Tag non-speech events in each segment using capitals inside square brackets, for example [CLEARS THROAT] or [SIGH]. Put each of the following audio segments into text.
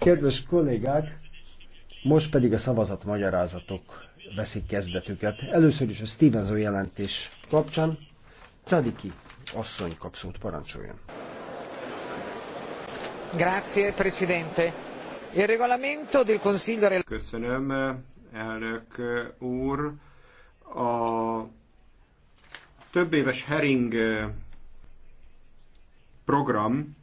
Kedves kollégák, most pedig a szavazat magyarázatok veszik kezdetüket. Először is a Stevenson jelentés kapcsán Cadiki asszony kapszót parancsoljon. Grazie, Presidente. Il regolamento del Consiglio... Köszönöm, elnök úr. A több éves hering program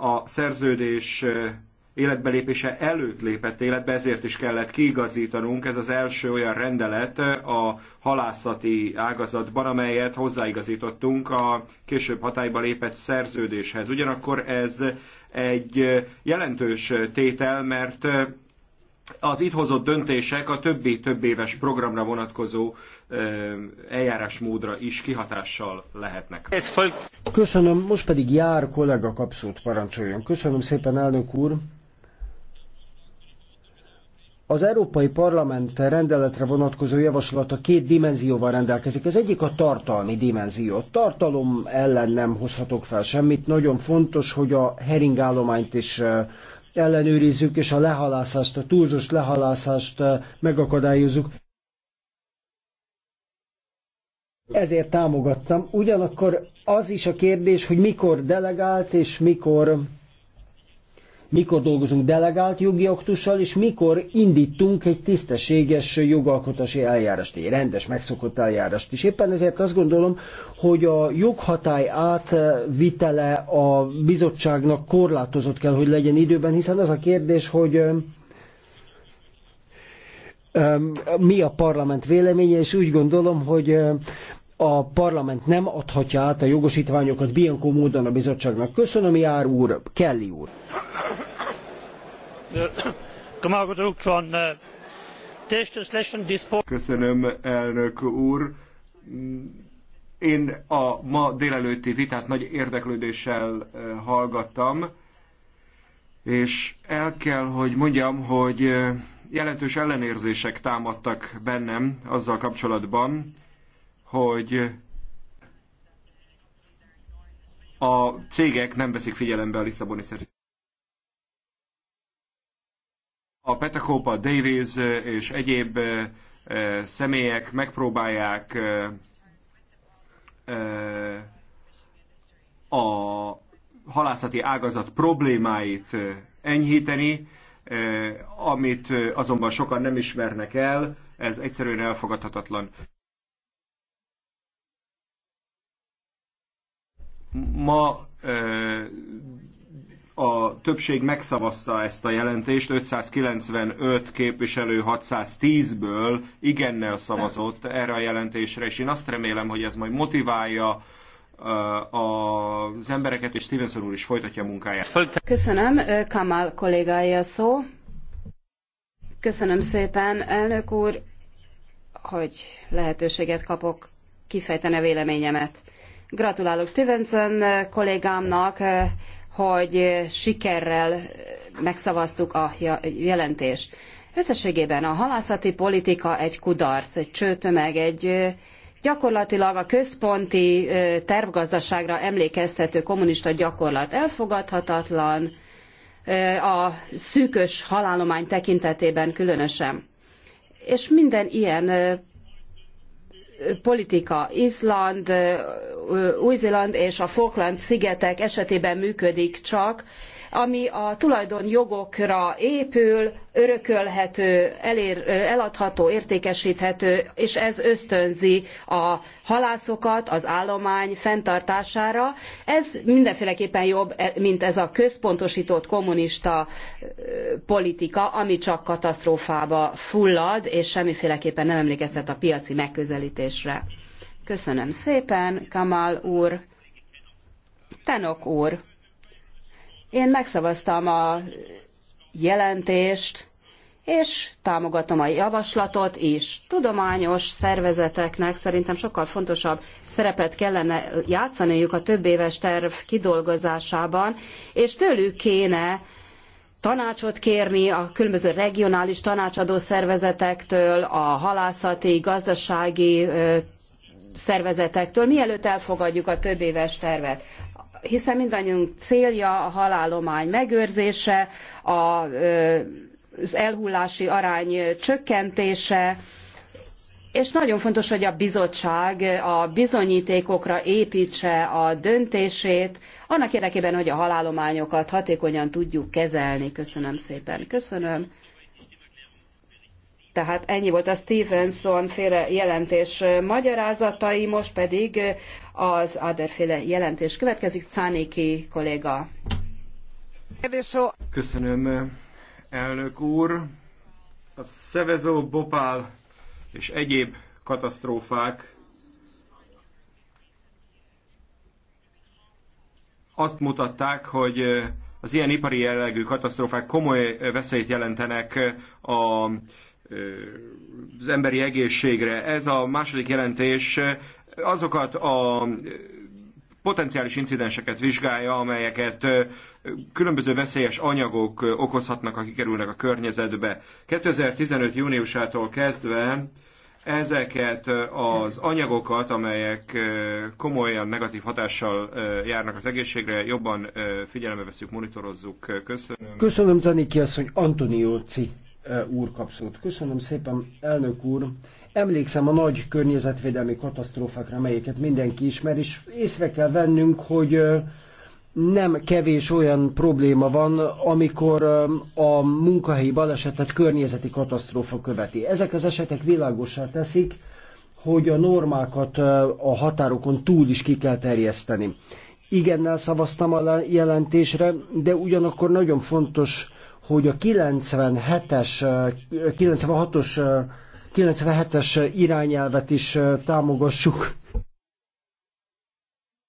a szerződés eh, életbelépése előtt lépett életbe, ezért is kellett kiigazítanunk. Ez az első olyan rendelet eh, a halászati ágazatban, amelyet hozzáigazítottunk a később hatályba lépett szerződéshez. Ugyanakkor ez egy eh, jelentős tétel, mert az itt hozott döntések a többi több éves programra vonatkozó eljárásmódra is kihatással lehetnek. Köszönöm, most pedig jár kollega kapszót parancsoljon. Köszönöm szépen, elnök úr. Az Európai Parlament rendeletre vonatkozó javaslata két dimenzióval rendelkezik. Az egyik a tartalmi dimenzió. Tartalom ellen nem hozhatok fel semmit. Nagyon fontos, hogy a heringállományt is ellenőrizzük, és a lehalászást, a túlzós lehalászást eh, megakadályozzuk. Ezért támogattam. Ugyanakkor az is a kérdés, hogy mikor delegált és mikor mikor dolgozunk delegált jogi aktussal, és mikor indítunk egy tisztességes jogalkotási eljárást, egy rendes, megszokott eljárást. És éppen ezért azt gondolom, hogy a joghatály átvitele a bizottságnak korlátozott kell, hogy legyen időben, hiszen az a kérdés, hogy mi a parlament véleménye, és úgy gondolom, hogy a parlament nem adhatja át a jogosítványokat Bianco módon a bizottságnak. Köszönöm, Jár úr, Kelly úr. Köszönöm, elnök úr. Én a ma délelőtti vitát nagy érdeklődéssel eh, hallgattam, és el kell, hogy mondjam, hogy eh, jelentős ellenérzések támadtak bennem azzal kapcsolatban, hogy a cégek nem veszik figyelembe a Lisszaboni szerződést. A Petakópa, Davies eh, és egyéb eh, eh, személyek megpróbálják a halászati ágazat problémáit enyhíteni, amit azonban sokan nem ismernek el, ez egyszerűen elfogadhatatlan. Ma a többség megszavazta ezt a jelentést, 595 képviselő 610-ből igennel szavazott erre a jelentésre, és én azt remélem, hogy ez majd motiválja az embereket, és Stevenson úr is folytatja a munkáját. Köszönöm, Kamal kollégája szó. Köszönöm szépen, elnök úr, hogy lehetőséget kapok kifejteni a véleményemet. Gratulálok Stevenson kollégámnak, eh, hogy sikerrel megszavaztuk a jelentést. Összességében a halászati politika egy kudarc, egy csőtömeg, egy eh, gyakorlatilag a központi eh, tervgazdaságra emlékeztető kommunista gyakorlat elfogadhatatlan, a szűkös halálomány tekintetében különösen. És minden ilyen politika, Izland, új-Zéland és a Falkland-szigetek esetében működik csak, ami a tulajdonjogokra épül, örökölhető, elér, eladható, értékesíthető, és ez ösztönzi a halászokat az állomány fenntartására. Ez mindenféleképpen jobb, e, mint ez a központosított kommunista e, politika, ami csak katasztrófába fullad, és semmiféleképpen nem emlékeztet a piaci megközelítésre. Köszönöm szépen, Kamal úr, Tenok úr. Én megszavaztam a jelentést, és támogatom a javaslatot is. Tudományos szervezeteknek szerintem sokkal fontosabb szerepet kellene játszaniuk a több éves terv kidolgozásában, és tőlük kéne tanácsot kérni a különböző regionális tanácsadó szervezetektől, a halászati, gazdasági szervezetektől, mielőtt elfogadjuk a több éves tervet. Hiszen mindannyiunk célja a halálomány megőrzése, a, az elhullási arány csökkentése, és nagyon fontos, hogy a bizottság a bizonyítékokra építse a döntését, annak érdekében, hogy a halálományokat hatékonyan tudjuk kezelni. Köszönöm szépen. Köszönöm. Tehát ennyi volt a Stevenson féle jelentés magyarázatai, most pedig az Aderféle jelentés következik. Czániki kolléga. Köszönöm, elnök úr. A Szevezó, Bopál és egyéb katasztrófák azt mutatták, hogy az ilyen ipari jellegű katasztrófák komoly veszélyt jelentenek a az emberi egészségre. Ez a második jelentés azokat a potenciális incidenseket vizsgálja, amelyeket különböző veszélyes anyagok okozhatnak, akik kerülnek a környezetbe. 2015. júniusától kezdve ezeket az anyagokat, amelyek komolyan negatív hatással járnak az egészségre, jobban figyelembe veszük, monitorozzuk. Köszönöm. Köszönöm, Zaniki asszony, Antonio Ci úr kap Köszönöm szépen, elnök úr. Emlékszem a nagy környezetvédelmi katasztrófákra, melyeket mindenki ismer, és észre kell vennünk, hogy nem kevés olyan probléma van, amikor a munkahelyi balesetet környezeti katasztrófa követi. Ezek az esetek világosá teszik, hogy a normákat a határokon túl is ki kell terjeszteni. Igennel szavaztam a jelentésre, de ugyanakkor nagyon fontos hogy a 97-es, 96-os, 97-es irányelvet is támogassuk,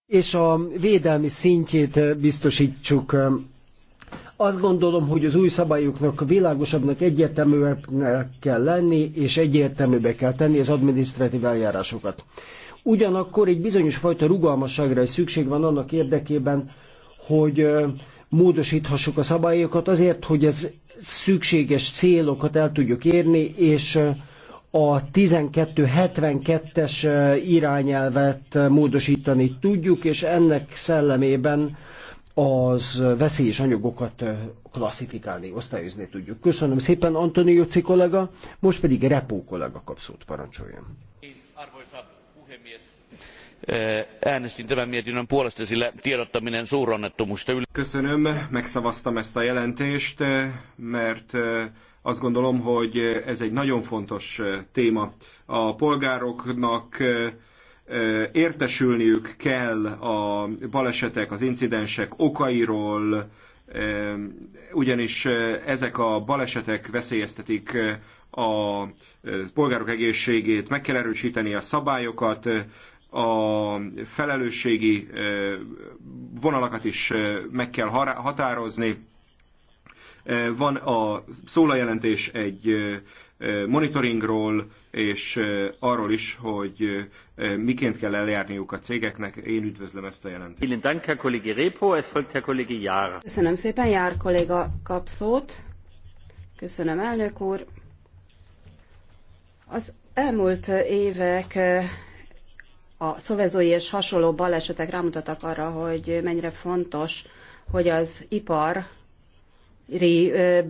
és a védelmi szintjét biztosítsuk. Azt gondolom, hogy az új szabályoknak világosabbnak, egyértelműbbnek kell lenni, és egyértelműbe kell tenni az adminisztratív eljárásokat. Ugyanakkor egy bizonyos fajta rugalmasságra is szükség van annak érdekében, hogy módosíthassuk a szabályokat azért, hogy az szükséges célokat el tudjuk érni, és a 1272-es irányelvet módosítani tudjuk, és ennek szellemében az veszélyes anyagokat klasszifikálni, osztályozni tudjuk. Köszönöm szépen, Antonio Ci kollega, most pedig Repó kollega kap szót, parancsoljon. Eh, äänestin tämän mietinnön puolesta, sillä tiedottaminen suuronnettomuusta... Köszönöm, megszavaztam ezt a jelentést, mert eh, azt gondolom, hogy ez egy nagyon fontos eh, téma. A polgároknak értesülniük kell a balesetek, az incidensek okairól, ugyanis ezek a balesetek veszélyeztetik a polgárok egészségét, meg kell erősíteni a szabályokat, a felelősségi vonalakat is meg kell határozni. Van a szólajelentés egy monitoringról, és arról is, hogy miként kell eljárniuk a cégeknek. Én üdvözlöm ezt a jelentést. Köszönöm szépen, Jár kolléga kap szót. Köszönöm, elnök úr. Az elmúlt évek a szovezói és hasonló balesetek rámutattak arra, hogy mennyire fontos, hogy az ipar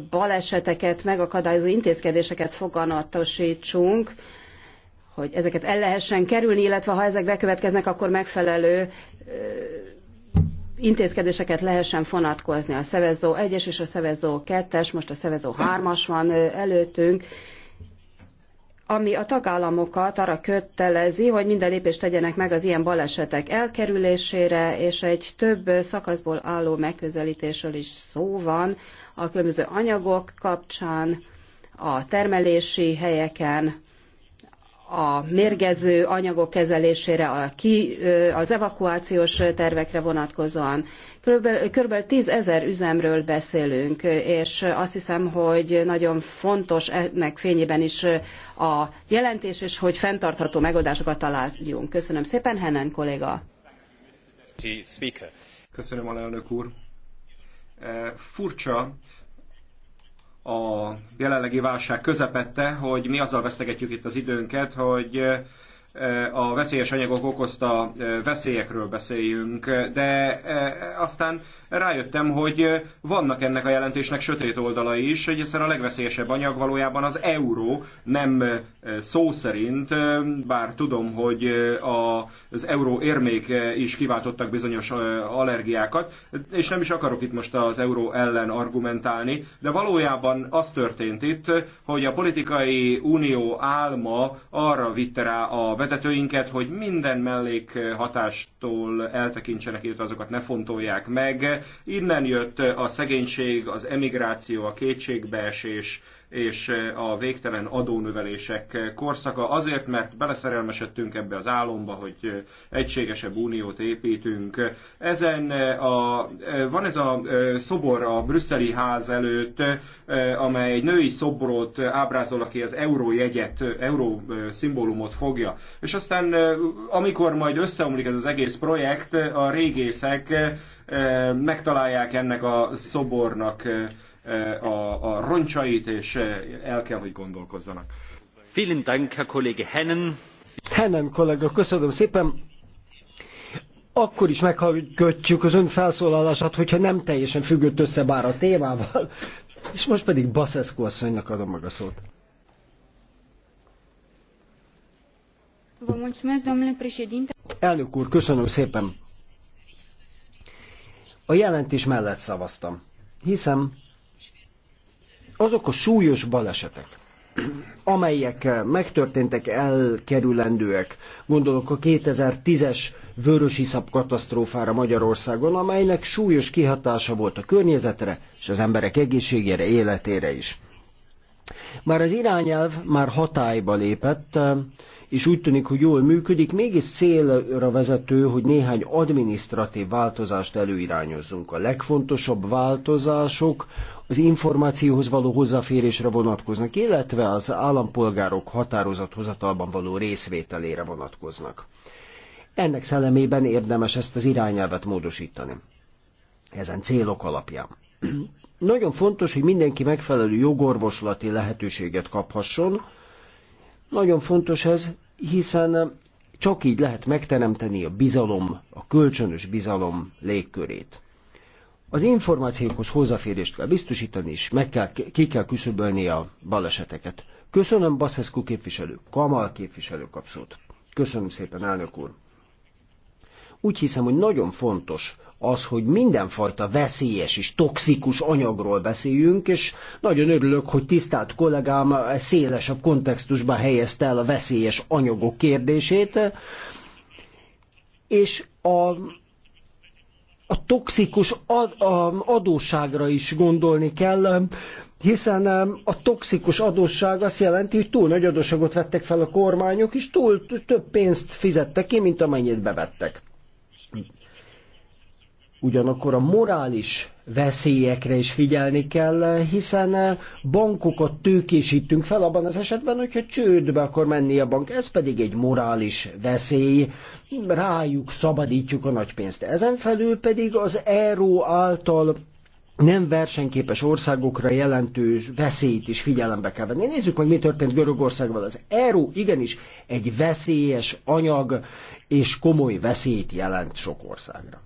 baleseteket megakadályozó intézkedéseket foganatosítsunk, hogy ezeket el lehessen kerülni, illetve ha ezek bekövetkeznek, akkor megfelelő intézkedéseket lehessen fonatkozni. A szevezó 1-es és a szevezó 2-es, most a szevezó 3-as van előttünk, ami a tagállamokat arra kötelezi, hogy minden lépést tegyenek meg az ilyen balesetek elkerülésére, és egy több szakaszból álló megközelítésről is szó van a különböző anyagok kapcsán, a termelési helyeken, a mérgező anyagok kezelésére, a ki, az evakuációs tervekre vonatkozóan. Körülbelül, 10 ezer üzemről beszélünk, és azt hiszem, hogy nagyon fontos ennek fényében is a jelentés, és hogy fenntartható megoldásokat találjunk. Köszönöm szépen, Hennen kolléga. Köszönöm, alelnök úr. Furcsa, a jelenlegi válság közepette, hogy mi azzal vesztegetjük itt az időnket, hogy Eh, a veszélyes anyagok okozta eh, veszélyekről beszéljünk, de eh, aztán rájöttem, hogy vannak ennek a jelentésnek sötét oldala is, hogy egyszerűen a legveszélyesebb anyag valójában az euró, nem szó szerint, bár tudom, hogy az euró érmék is kiváltottak bizonyos allergiákat, és nem is akarok itt most az euró ellen argumentálni, de valójában az történt itt, hogy a politikai unió álma arra vitte rá a vezetőinket, hogy minden mellékhatástól eltekintsenek, illetve azokat ne fontolják meg. Innen jött a szegénység, az emigráció, a kétségbeesés, és eh, a végtelen adónövelések korszaka, azért, mert beleszerelmesedtünk ebbe az álomba, hogy eh, egységesebb uniót építünk. Ezen eh, a, van ez a szobor a brüsszeli ház előtt, amely egy női szobrot ábrázol, aki az euró jegyet, euró szimbólumot fogja. És aztán, amikor majd összeomlik ez az egész projekt, a régészek megtalálják ennek a szobornak Eh, a, a roncsait, és eh, el kell, hogy gondolkozzanak. Vielen Dank, Herr Kollege Hennen. Hennen kollega, köszönöm szépen. Akkor is meghallgatjuk az ön felszólalását, hogyha nem teljesen függött össze bár a témával. És most pedig Baszeszko asszonynak adom meg a szót. Elnök úr, köszönöm szépen. A jelentés mellett szavaztam. Hiszem, azok a súlyos balesetek, amelyek eh, megtörténtek, elkerülendőek. Gondolok a 2010-es vörösiszap katasztrófára Magyarországon, amelynek súlyos kihatása volt a környezetre és az emberek egészségére, életére is. Már az irányelv már hatályba lépett, eh, és úgy tűnik, hogy jól működik, mégis célra vezető, hogy néhány adminisztratív változást előirányozzunk. A legfontosabb változások az információhoz való hozzáférésre vonatkoznak, illetve az állampolgárok határozathozatalban való részvételére vonatkoznak. Ennek szellemében érdemes ezt az irányelvet módosítani. Ezen célok alapján. Nagyon fontos, hogy mindenki megfelelő jogorvoslati lehetőséget kaphasson, nagyon fontos ez, hiszen csak így lehet megteremteni a bizalom, a kölcsönös bizalom légkörét. Az információkhoz hozzáférést kell biztosítani, és meg kell, ki kell küszöbölni a baleseteket. Köszönöm Baszeszku képviselő, Kamal képviselő kapszót. Köszönöm szépen, elnök úr. Úgy hiszem, hogy nagyon fontos az, hogy mindenfajta veszélyes és toxikus anyagról beszéljünk, és nagyon örülök, hogy tisztelt kollégám szélesebb kontextusban helyezte el a veszélyes anyagok kérdését, és a a toxikus ad, a adósságra is gondolni kell, hiszen a toxikus adósság azt jelenti, hogy túl nagy adósságot vettek fel a kormányok, és túl több pénzt fizettek ki, mint amennyit bevettek. Ugyanakkor a morális veszélyekre is figyelni kell, hiszen eh, bankokat tőkésítünk fel abban az esetben, hogyha csődbe akar menni a bank. Ez pedig egy morális veszély, rájuk szabadítjuk a nagypénzt. Ezen felül pedig az ERO által nem versenyképes országokra jelentő veszélyt is figyelembe kell venni. Nézzük meg, mi történt Görögországban. Az ERO igenis egy veszélyes anyag, és komoly veszélyt jelent sok országra.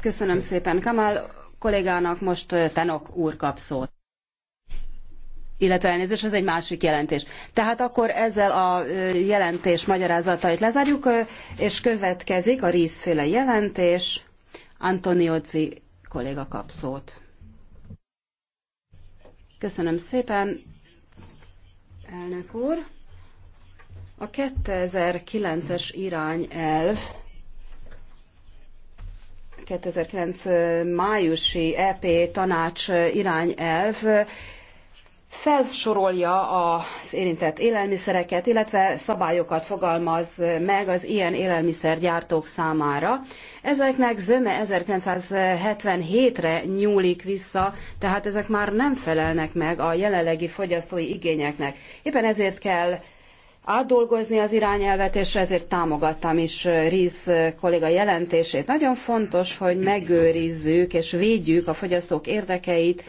Köszönöm szépen Kamal kollégának, most tannock úr kap szót. Illetve elnézést, ez egy másik jelentés. Tehát akkor ezzel a jelentés magyarázatait lezárjuk, és következik a rízféle jelentés. Antoniozzi kolléga kap szót. Köszönöm szépen, elnök úr. A 2009-es irányelv 2009 májusi EP tanács irányelv felsorolja az érintett élelmiszereket, illetve szabályokat fogalmaz meg az ilyen élelmiszergyártók számára. Ezeknek zöme 1977-re nyúlik vissza, tehát ezek már nem felelnek meg a jelenlegi fogyasztói igényeknek. Éppen ezért kell átdolgozni az irányelvet, és ezért támogattam is Riz kolléga jelentését. Nagyon fontos, hogy megőrizzük és védjük a fogyasztók érdekeit,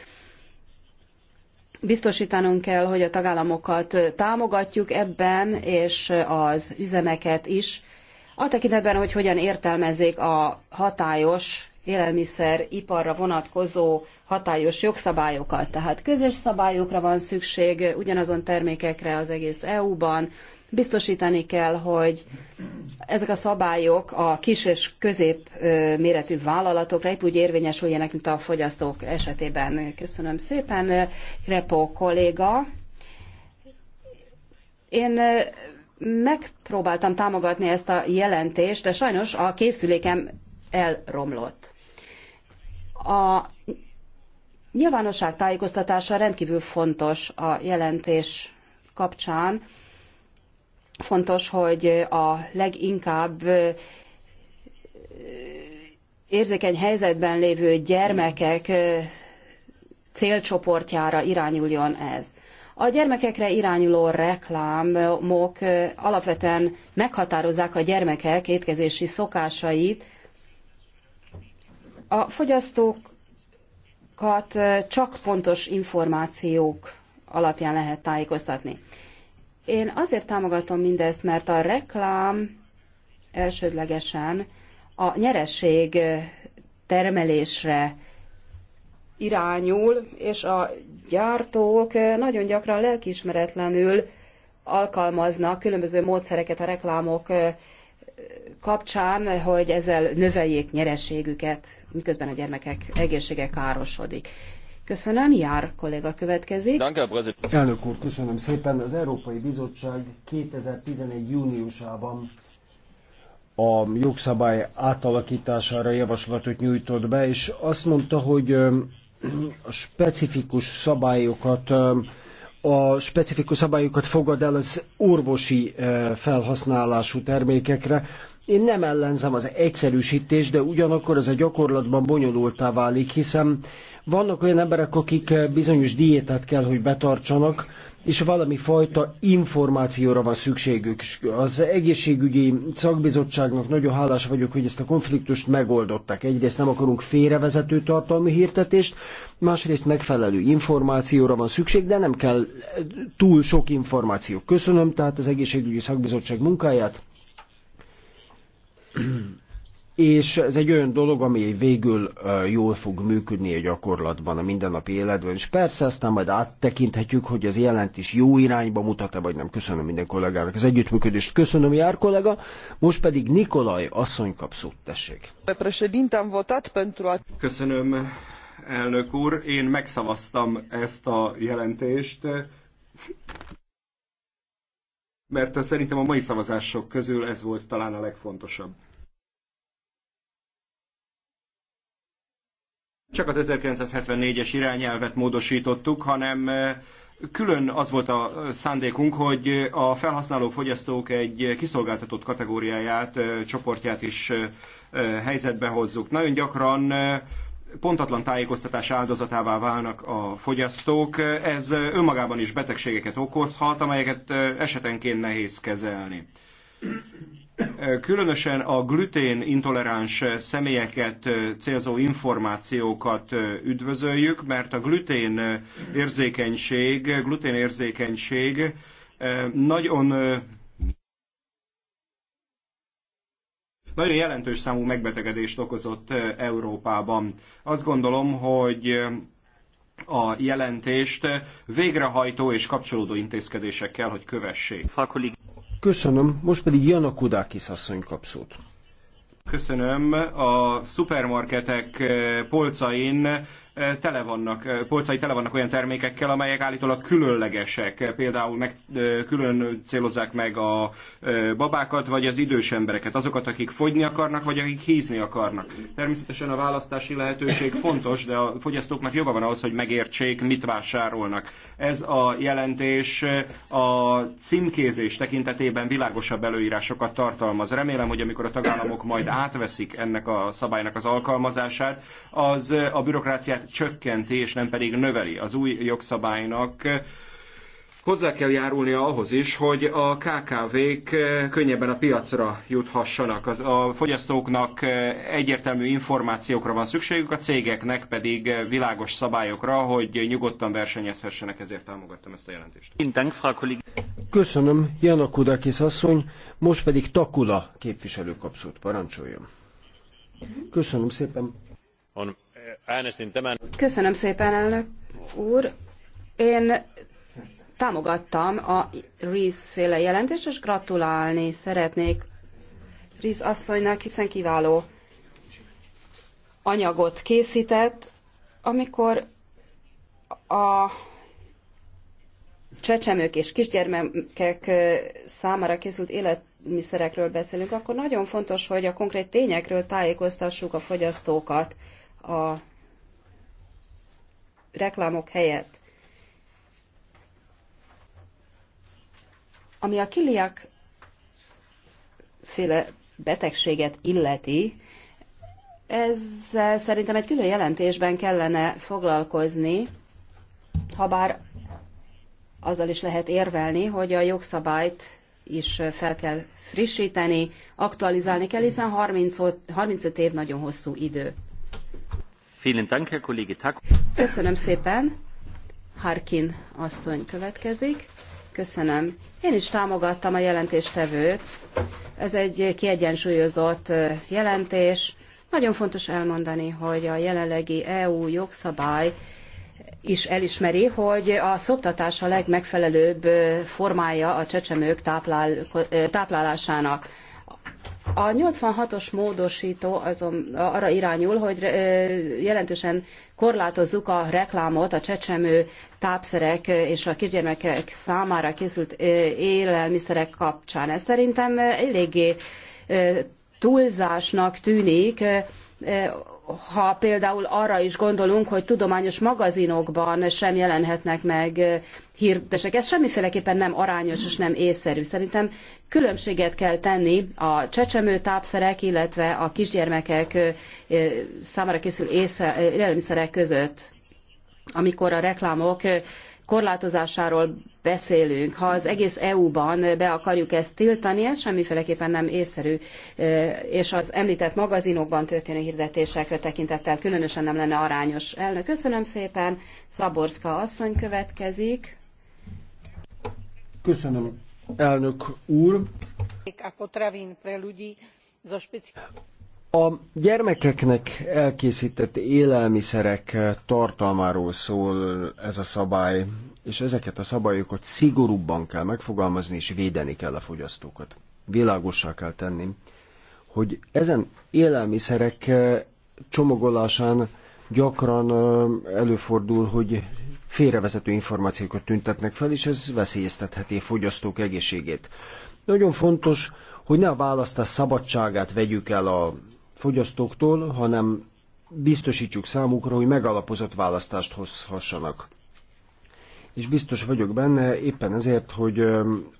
biztosítanunk kell, hogy a tagállamokat támogatjuk ebben, és az üzemeket is, a tekintetben, hogy hogyan értelmezzék a hatályos élelmiszer iparra vonatkozó hatályos jogszabályokat. Tehát közös szabályokra van szükség ugyanazon termékekre az egész EU-ban. Biztosítani kell, hogy ezek a szabályok a kis és közép méretű vállalatokra épp úgy érvényesüljenek, mint a fogyasztók esetében. Köszönöm szépen, Krepo kolléga. Én megpróbáltam támogatni ezt a jelentést, de sajnos a készülékem elromlott. A nyilvánosság tájékoztatása rendkívül fontos a jelentés kapcsán. Fontos, hogy a leginkább érzékeny helyzetben lévő gyermekek célcsoportjára irányuljon ez. A gyermekekre irányuló reklámok alapvetően meghatározzák a gyermekek étkezési szokásait, a fogyasztókat csak pontos információk alapján lehet tájékoztatni. Én azért támogatom mindezt, mert a reklám elsődlegesen a nyereség termelésre irányul, és a gyártók nagyon gyakran lelkiismeretlenül alkalmaznak különböző módszereket a reklámok kapcsán, hogy ezzel növeljék nyereségüket, miközben a gyermekek egészsége károsodik. Köszönöm, Jár kolléga következik. Elnök úr, köszönöm szépen. Az Európai Bizottság 2011. júniusában a jogszabály átalakítására javaslatot nyújtott be, és azt mondta, hogy a specifikus szabályokat a specifikus szabályokat fogad el az orvosi felhasználású termékekre, én nem ellenzem az egyszerűsítést, de ugyanakkor ez a gyakorlatban bonyolultá válik, hiszen vannak olyan emberek, akik eh, bizonyos diétát kell, hogy betartsanak, és valami fajta információra van szükségük. Az egészségügyi szakbizottságnak nagyon hálás vagyok, hogy ezt a konfliktust megoldották. Egyrészt nem akarunk félrevezető tartalmi hirdetést, másrészt megfelelő információra van szükség, de nem kell eh, túl sok információ. Köszönöm tehát az egészségügyi szakbizottság munkáját, [CLEARS THROAT] és ez egy olyan dolog, ami végül jól fog működni a gyakorlatban, a mindennapi életben, és persze aztán majd áttekinthetjük, hogy az jelentés jó irányba mutat-e, vagy nem. Köszönöm minden kollégának az együttműködést. Köszönöm, Jár kollega. Most pedig Nikolaj asszony kap szót, tessék. Köszönöm, elnök úr. Én megszavaztam ezt a jelentést, mert szerintem a mai szavazások közül ez volt talán a legfontosabb. csak az 1974-es irányelvet módosítottuk, hanem külön az volt a szándékunk, hogy a felhasználó fogyasztók egy kiszolgáltatott kategóriáját, csoportját is helyzetbe hozzuk. Nagyon gyakran pontatlan tájékoztatás áldozatává válnak a fogyasztók. Ez önmagában is betegségeket okozhat, amelyeket esetenként nehéz kezelni. Különösen a glutén intoleráns személyeket célzó információkat üdvözöljük, mert a glutén érzékenység, glutén érzékenység eh, nagyon eh, nagyon jelentős számú megbetegedést okozott eh, Európában. Azt gondolom, hogy a jelentést végrehajtó és kapcsolódó intézkedésekkel, hogy kövessék. Köszönöm, most pedig Jana Kudákis asszony kap szót. Köszönöm. A szupermarketek eh, polcain tele vannak, polcai tele vannak olyan termékekkel, amelyek állítólag különlegesek. Például meg, külön célozzák meg a babákat, vagy az idős embereket, azokat, akik fogyni akarnak, vagy akik hízni akarnak. Természetesen a választási lehetőség fontos, de a fogyasztóknak joga van ahhoz, hogy megértsék, mit vásárolnak. Ez a jelentés a címkézés tekintetében világosabb előírásokat tartalmaz. Remélem, hogy amikor a tagállamok majd átveszik ennek a szabálynak az alkalmazását, az a bürokráciát csökkenti, és nem pedig növeli. Az új jogszabálynak hozzá kell járulnia ahhoz is, hogy a KKV-k könnyebben a piacra juthassanak. Az, a fogyasztóknak eh, egyértelmű információkra van szükségük, a cégeknek pedig eh, világos szabályokra, hogy nyugodtan versenyezhessenek, ezért támogattam ezt a jelentést. Köszönöm, Jana Kudakis asszony, most pedig Takula képviselő kapszót parancsoljon. Köszönöm szépen. On Köszönöm szépen, elnök úr. Én támogattam a Riz féle jelentést, és gratulálni szeretnék Riz asszonynak, hiszen kiváló anyagot készített, amikor a csecsemők és kisgyermekek számára készült élelmiszerekről beszélünk, akkor nagyon fontos, hogy a konkrét tényekről tájékoztassuk a fogyasztókat a reklámok helyett. Ami a kiliak féle betegséget illeti, ez szerintem egy külön jelentésben kellene foglalkozni, ha bár azzal is lehet érvelni, hogy a jogszabályt is fel kell frissíteni, aktualizálni kell, hiszen 30, 35 év nagyon hosszú idő. Köszönöm szépen. következik. Köszönöm. Én is támogattam a jelentéstevőt. Ez egy kiegyensúlyozott jelentés. Nagyon fontos elmondani, hogy a jelenlegi EU jogszabály is elismeri, hogy a szoptatás a legmegfelelőbb formája a csecsemők táplál, táplálásának. A 86-os módosító azon arra irányul, hogy jelentősen korlátozzuk a reklámot a csecsemő tápszerek és a kisgyermekek számára készült élelmiszerek kapcsán. Ez szerintem eléggé túlzásnak tűnik, ha például arra is gondolunk, hogy tudományos magazinokban sem jelenhetnek meg hirdetések, ez semmiféleképpen nem arányos és nem észszerű. Szerintem különbséget kell tenni a csecsemő tápszerek, illetve a kisgyermekek számára készül élelmiszerek között amikor a reklámok korlátozásáról beszélünk, ha az egész EU-ban be akarjuk ezt tiltani, ez semmiféleképpen nem észszerű, eh, és az említett magazinokban történő hirdetésekre tekintettel különösen nem lenne arányos. Elnök, köszönöm szépen, Szaborszka asszony következik. Köszönöm, elnök úr. A potravin pre ľudí zo speciális a gyermekeknek elkészített élelmiszerek tartalmáról szól ez a szabály, és ezeket a szabályokat szigorúbban kell megfogalmazni, és védeni kell a fogyasztókat. Világossá kell tenni, hogy ezen élelmiszerek eh, csomagolásán gyakran eh, előfordul, hogy félrevezető információkat tüntetnek fel, és ez veszélyeztetheti a fogyasztók egészségét. Nagyon fontos, hogy ne a választás szabadságát vegyük el a fogyasztóktól, hanem biztosítsuk számukra, hogy megalapozott választást hozhassanak. És biztos vagyok benne, éppen ezért, hogy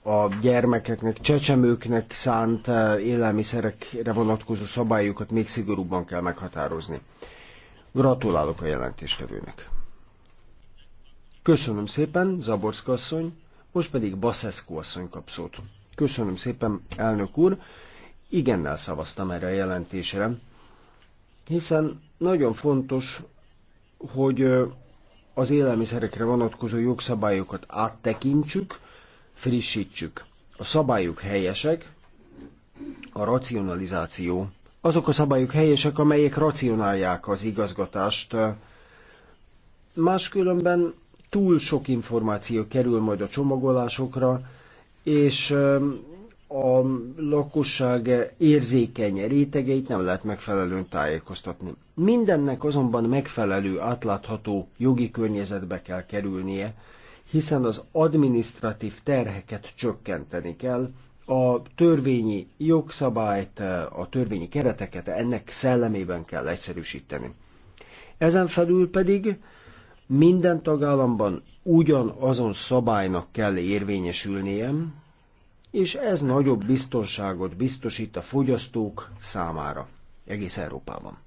a gyermekeknek, csecsemőknek szánt élelmiszerekre vonatkozó szabályokat még szigorúbban kell meghatározni. Gratulálok a jelentéstevőnek. Köszönöm szépen, Zaborszka asszony, most pedig Baszeszko asszony kap szót. Köszönöm szépen, elnök úr igennel szavaztam erre a jelentésre, hiszen nagyon fontos, hogy az élelmiszerekre vonatkozó jogszabályokat áttekintsük, frissítsük. A szabályok helyesek, a racionalizáció. Azok a szabályok helyesek, amelyek racionálják az igazgatást. Máskülönben túl sok információ kerül majd a csomagolásokra, és a lakosság érzékeny rétegeit nem lehet megfelelően tájékoztatni. Mindennek azonban megfelelő, átlátható jogi környezetbe kell kerülnie, hiszen az administratív terheket csökkenteni kell, a törvényi jogszabályt, a törvényi kereteket ennek szellemében kell egyszerűsíteni. Ezen felül pedig minden tagállamban ugyanazon szabálynak kell érvényesülnie, és ez nagyobb biztonságot biztosít a fogyasztók számára egész Európában.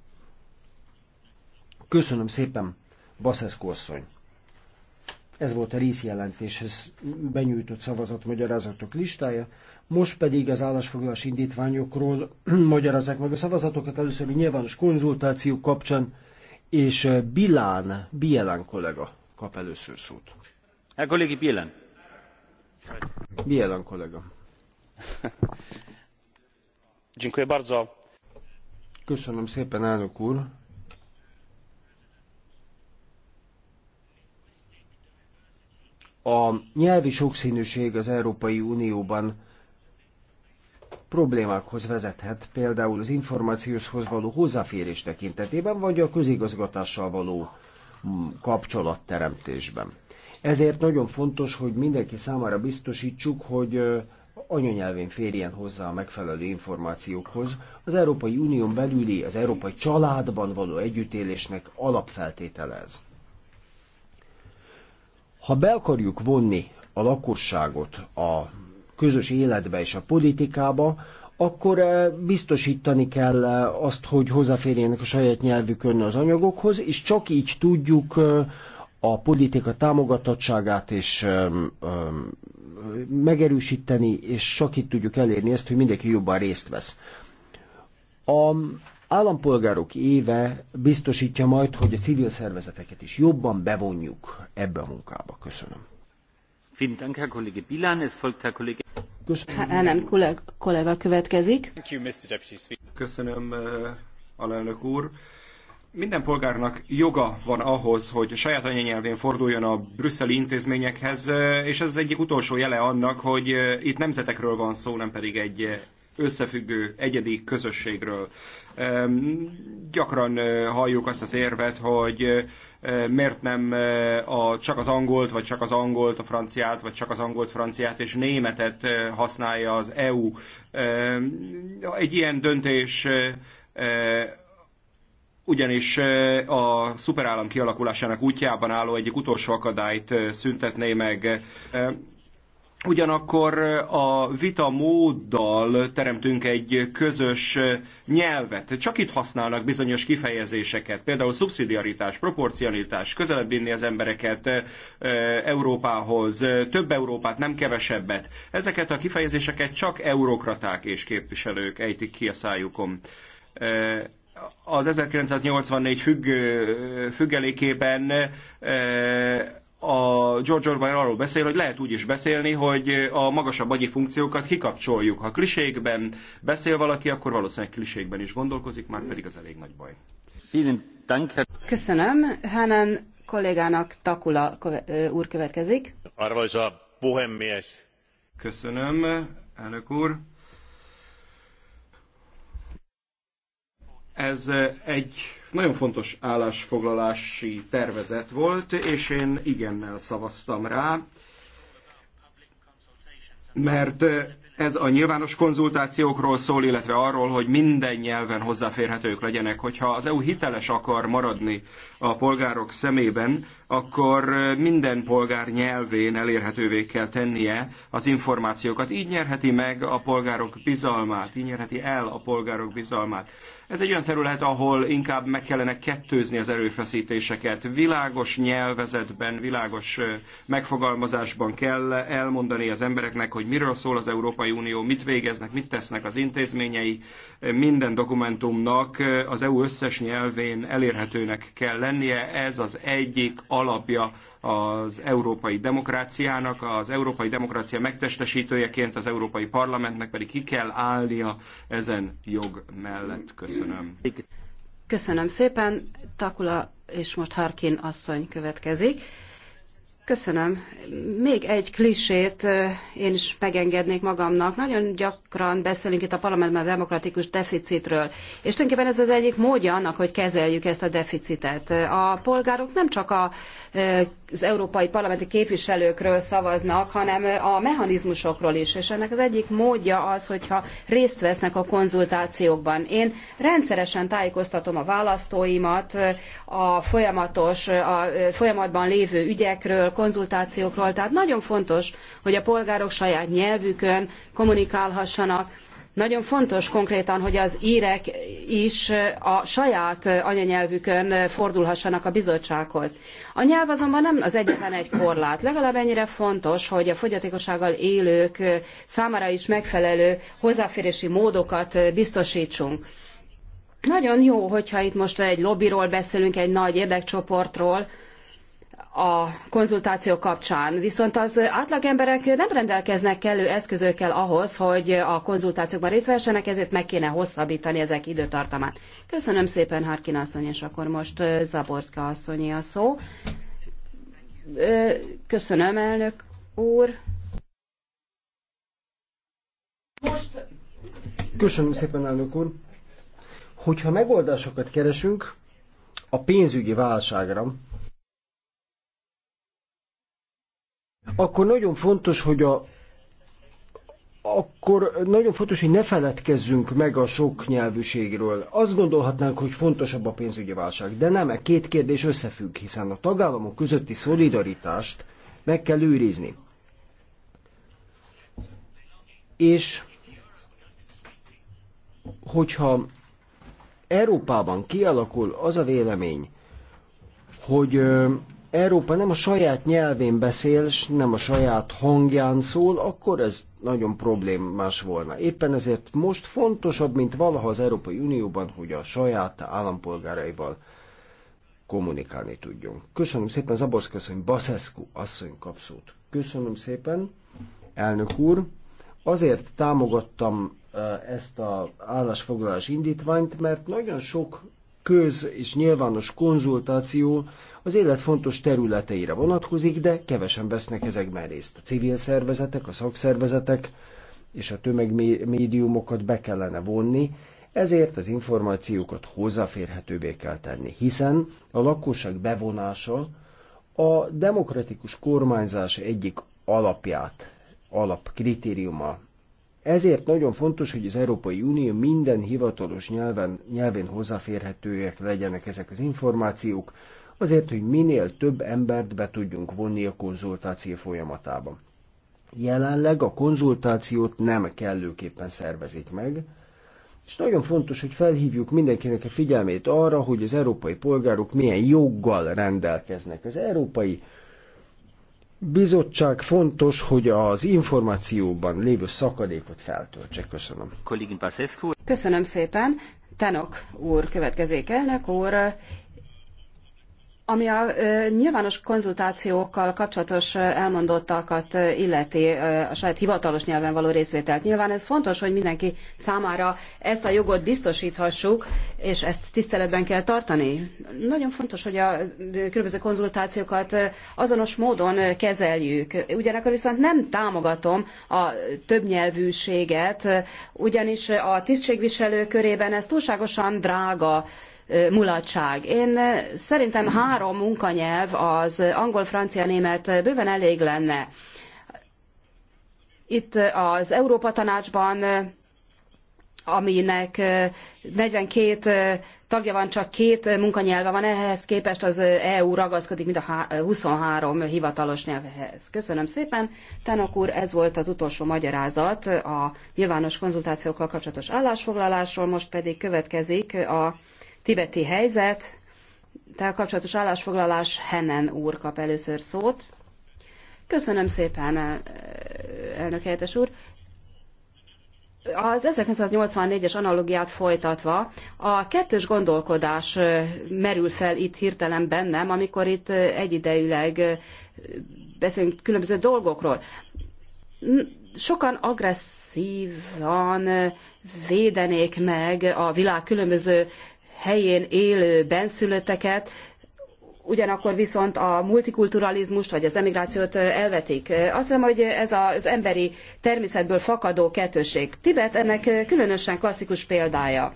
Köszönöm szépen, Baszeszko asszony! Ez volt a részjelentéshez benyújtott magyarázatok listája, most pedig az állásfoglalás indítványokról [CLEARS THROAT] magyarázzák meg a szavazatokat először a nyilvános konzultáció kapcsán, és eh, Bilán, Bielán kollega kap először szót. Herr Kollege Bielan. Bielan kollega. Köszönöm szépen, elnök úr. A nyelvi sokszínűség az Európai Unióban problémákhoz vezethet, például az információhoz való hozzáférés tekintetében, vagy a közigazgatással való mm, kapcsolatteremtésben. Ezért nagyon fontos, hogy mindenki számára biztosítsuk, hogy anyanyelvén férjen hozzá a megfelelő információkhoz. Az Európai Unión belüli, az európai családban való együttélésnek alapfeltételez. Ha be akarjuk vonni a lakosságot a közös életbe és a politikába, akkor eh, biztosítani kell eh, azt, hogy hozzáférjenek a saját nyelvükön az anyagokhoz, és csak így tudjuk eh, a politika támogatottságát és megerősíteni, és csak itt tudjuk elérni ezt, hogy mindenki jobban részt vesz. A állampolgárok éve biztosítja majd, hogy a civil szervezeteket is jobban bevonjuk ebbe a munkába. Köszönöm. Köszönöm. kollega következik. Köszönöm, eh, alelnök úr minden polgárnak joga van ahhoz, hogy saját anyanyelvén forduljon a brüsszeli intézményekhez, és ez az egyik utolsó jele annak, hogy eh, itt nemzetekről van szó, nem pedig egy eh, összefüggő egyedi közösségről. Gyakran eh, halljuk azt az érvet, hogy miért nem a, csak az angolt, vagy csak az angolt, a franciát, vagy csak az angolt, franciát és németet használja az EU. Egy ilyen döntés ugyanis eh, a szuperállam kialakulásának útjában álló egyik utolsó akadályt eh, szüntetné meg. Eh, ugyanakkor a vita móddal teremtünk egy közös nyelvet. Csak itt használnak bizonyos kifejezéseket, például szubszidiaritás, proporcionalitás, közelebb vinni az embereket Európához, több Európát, nem kevesebbet. Ezeket a kifejezéseket csak eurokraták és képviselők ejtik ki a szájukon az 1984 függ, függelékében a George Orwell arról beszél, hogy lehet úgy is beszélni, hogy a magasabb agyi funkciókat kikapcsoljuk. Ha kliségben beszél valaki, akkor valószínűleg kliségben is gondolkozik, már pedig az elég nagy baj. Köszönöm. Hanan kollégának Takula úr következik. Arvoisa puhemies. Köszönöm, elnök úr. Ez eh, egy nagyon fontos állásfoglalási tervezet volt, és én igennel szavaztam rá, mert eh, ez a nyilvános konzultációkról szól, illetve arról, hogy minden nyelven hozzáférhetők legyenek. Hogyha az EU hiteles akar maradni a polgárok szemében, akkor minden polgár nyelvén elérhetővé kell tennie az információkat. Így nyerheti meg a polgárok bizalmát, így nyerheti el a polgárok bizalmát. Ez egy olyan terület, ahol inkább meg kellene kettőzni az erőfeszítéseket. Világos nyelvezetben, világos megfogalmazásban kell elmondani az embereknek, hogy miről szól az európai Európai Unió, mit végeznek, mit tesznek az intézményei, minden dokumentumnak az EU összes nyelvén elérhetőnek kell lennie. Ez az egyik alapja az európai demokráciának, az európai demokrácia megtestesítőjeként az Európai Parlamentnek pedig ki kell állnia ezen jog mellett. Köszönöm. Köszönöm szépen. Takula és most Harkin asszony következik. Köszönöm. Még egy klisét én is megengednék magamnak. Nagyon gyakran beszélünk itt a parlamentben a demokratikus deficitről, és tulajdonképpen ez az egyik módja annak, hogy kezeljük ezt a deficitet. A polgárok nem csak a az európai parlamenti képviselőkről szavaznak, hanem a mechanizmusokról is, és ennek az egyik módja az, hogyha részt vesznek a konzultációkban. Én rendszeresen tájékoztatom a választóimat a folyamatos, a folyamatban lévő ügyekről, konzultációkról, tehát nagyon fontos, hogy a polgárok saját nyelvükön kommunikálhassanak, nagyon fontos konkrétan, hogy az írek is a saját anyanyelvükön fordulhassanak a bizottsághoz. A nyelv azonban nem az egyetlen egy korlát. Legalább ennyire fontos, hogy a fogyatékossággal élők számára is megfelelő hozzáférési módokat biztosítsunk. Nagyon jó, hogyha itt most egy lobbyról beszélünk, egy nagy érdekcsoportról, a konzultáció kapcsán, viszont az átlagemberek nem rendelkeznek kellő eszközökkel ahhoz, hogy a konzultációkban részt vessenek, ezért meg kéne hosszabbítani ezek időtartamát. Köszönöm szépen, Harkin asszony, és akkor most Zaborszka asszonyi a szó. Köszönöm, elnök úr. Most... Köszönöm szépen, elnök úr. Hogyha megoldásokat keresünk a pénzügyi válságra, akkor nagyon fontos, hogy a akkor nagyon fontos, hogy ne feledkezzünk meg a sok nyelvűségről. Azt gondolhatnánk, hogy fontosabb a pénzügyi válság, de nem, mert két kérdés összefügg, hiszen a tagállamok közötti szolidaritást meg kell őrizni. És hogyha Európában kialakul az a vélemény, hogy Európa nem a saját nyelvén beszél, és nem a saját hangján szól, akkor ez nagyon problémás volna. Éppen ezért most fontosabb, mint valaha az Európai Unióban, hogy a saját állampolgáraival kommunikálni tudjunk. Köszönöm szépen, Zaborszka asszony, Baszeszku asszony kapszót. Köszönöm szépen, elnök úr. Azért támogattam e, ezt a állásfoglalás indítványt, mert nagyon sok köz és nyilvános konzultáció az élet fontos területeire vonatkozik, de kevesen vesznek ezekben részt. A civil szervezetek, a szakszervezetek és a tömegmédiumokat be kellene vonni, ezért az információkat hozzáférhetővé kell tenni, hiszen a lakosság bevonása a demokratikus kormányzás egyik alapját, alapkritériuma. Ezért nagyon fontos, hogy az Európai Unió minden hivatalos nyelven, nyelvén hozzáférhetőek legyenek ezek az információk, azért, hogy minél több embert be tudjunk vonni a konzultáció folyamatában. Jelenleg a konzultációt nem kellőképpen szervezik meg, és nagyon fontos, hogy felhívjuk mindenkinek a figyelmét arra, hogy az európai polgárok milyen joggal rendelkeznek. Az európai bizottság fontos, hogy az információban lévő szakadékot feltöltse. Köszönöm. Köszönöm szépen. Tanok úr következék elnök úr. Ami a nyilvános konzultációkkal kapcsolatos elmondottakat illeti a saját hivatalos nyelven való részvételt, nyilván ez fontos, hogy mindenki számára ezt a jogot biztosíthassuk, és ezt tiszteletben kell tartani. Nagyon fontos, hogy a különböző konzultációkat azonos módon kezeljük. Ugyanakkor viszont nem támogatom a többnyelvűséget, ugyanis a tisztségviselő körében ez túlságosan drága mulatság. Én szerintem három munkanyelv, az angol, francia, német bőven elég lenne. Itt az Európa Tanácsban, aminek 42 tagja van, csak két munkanyelve van, ehhez képest az EU ragaszkodik mind a 23 hivatalos nyelvhez. Köszönöm szépen. Tenok úr, ez volt az utolsó magyarázat a nyilvános konzultációkkal kapcsolatos állásfoglalásról, most pedig következik a tibeti helyzet, tehát kapcsolatos állásfoglalás Hennen úr kap először szót. Köszönöm szépen, elnök helyettes úr. Az 1984-es analogiát folytatva a kettős gondolkodás merül fel itt hirtelen bennem, amikor itt egyidejűleg beszélünk különböző dolgokról. Sokan agresszívan védenék meg a világ különböző helyén élő benszülötteket, ugyanakkor viszont a multikulturalizmust vagy az emigrációt elvetik. Azt hiszem, hogy ez az emberi természetből fakadó kettőség. Tibet ennek különösen klasszikus példája.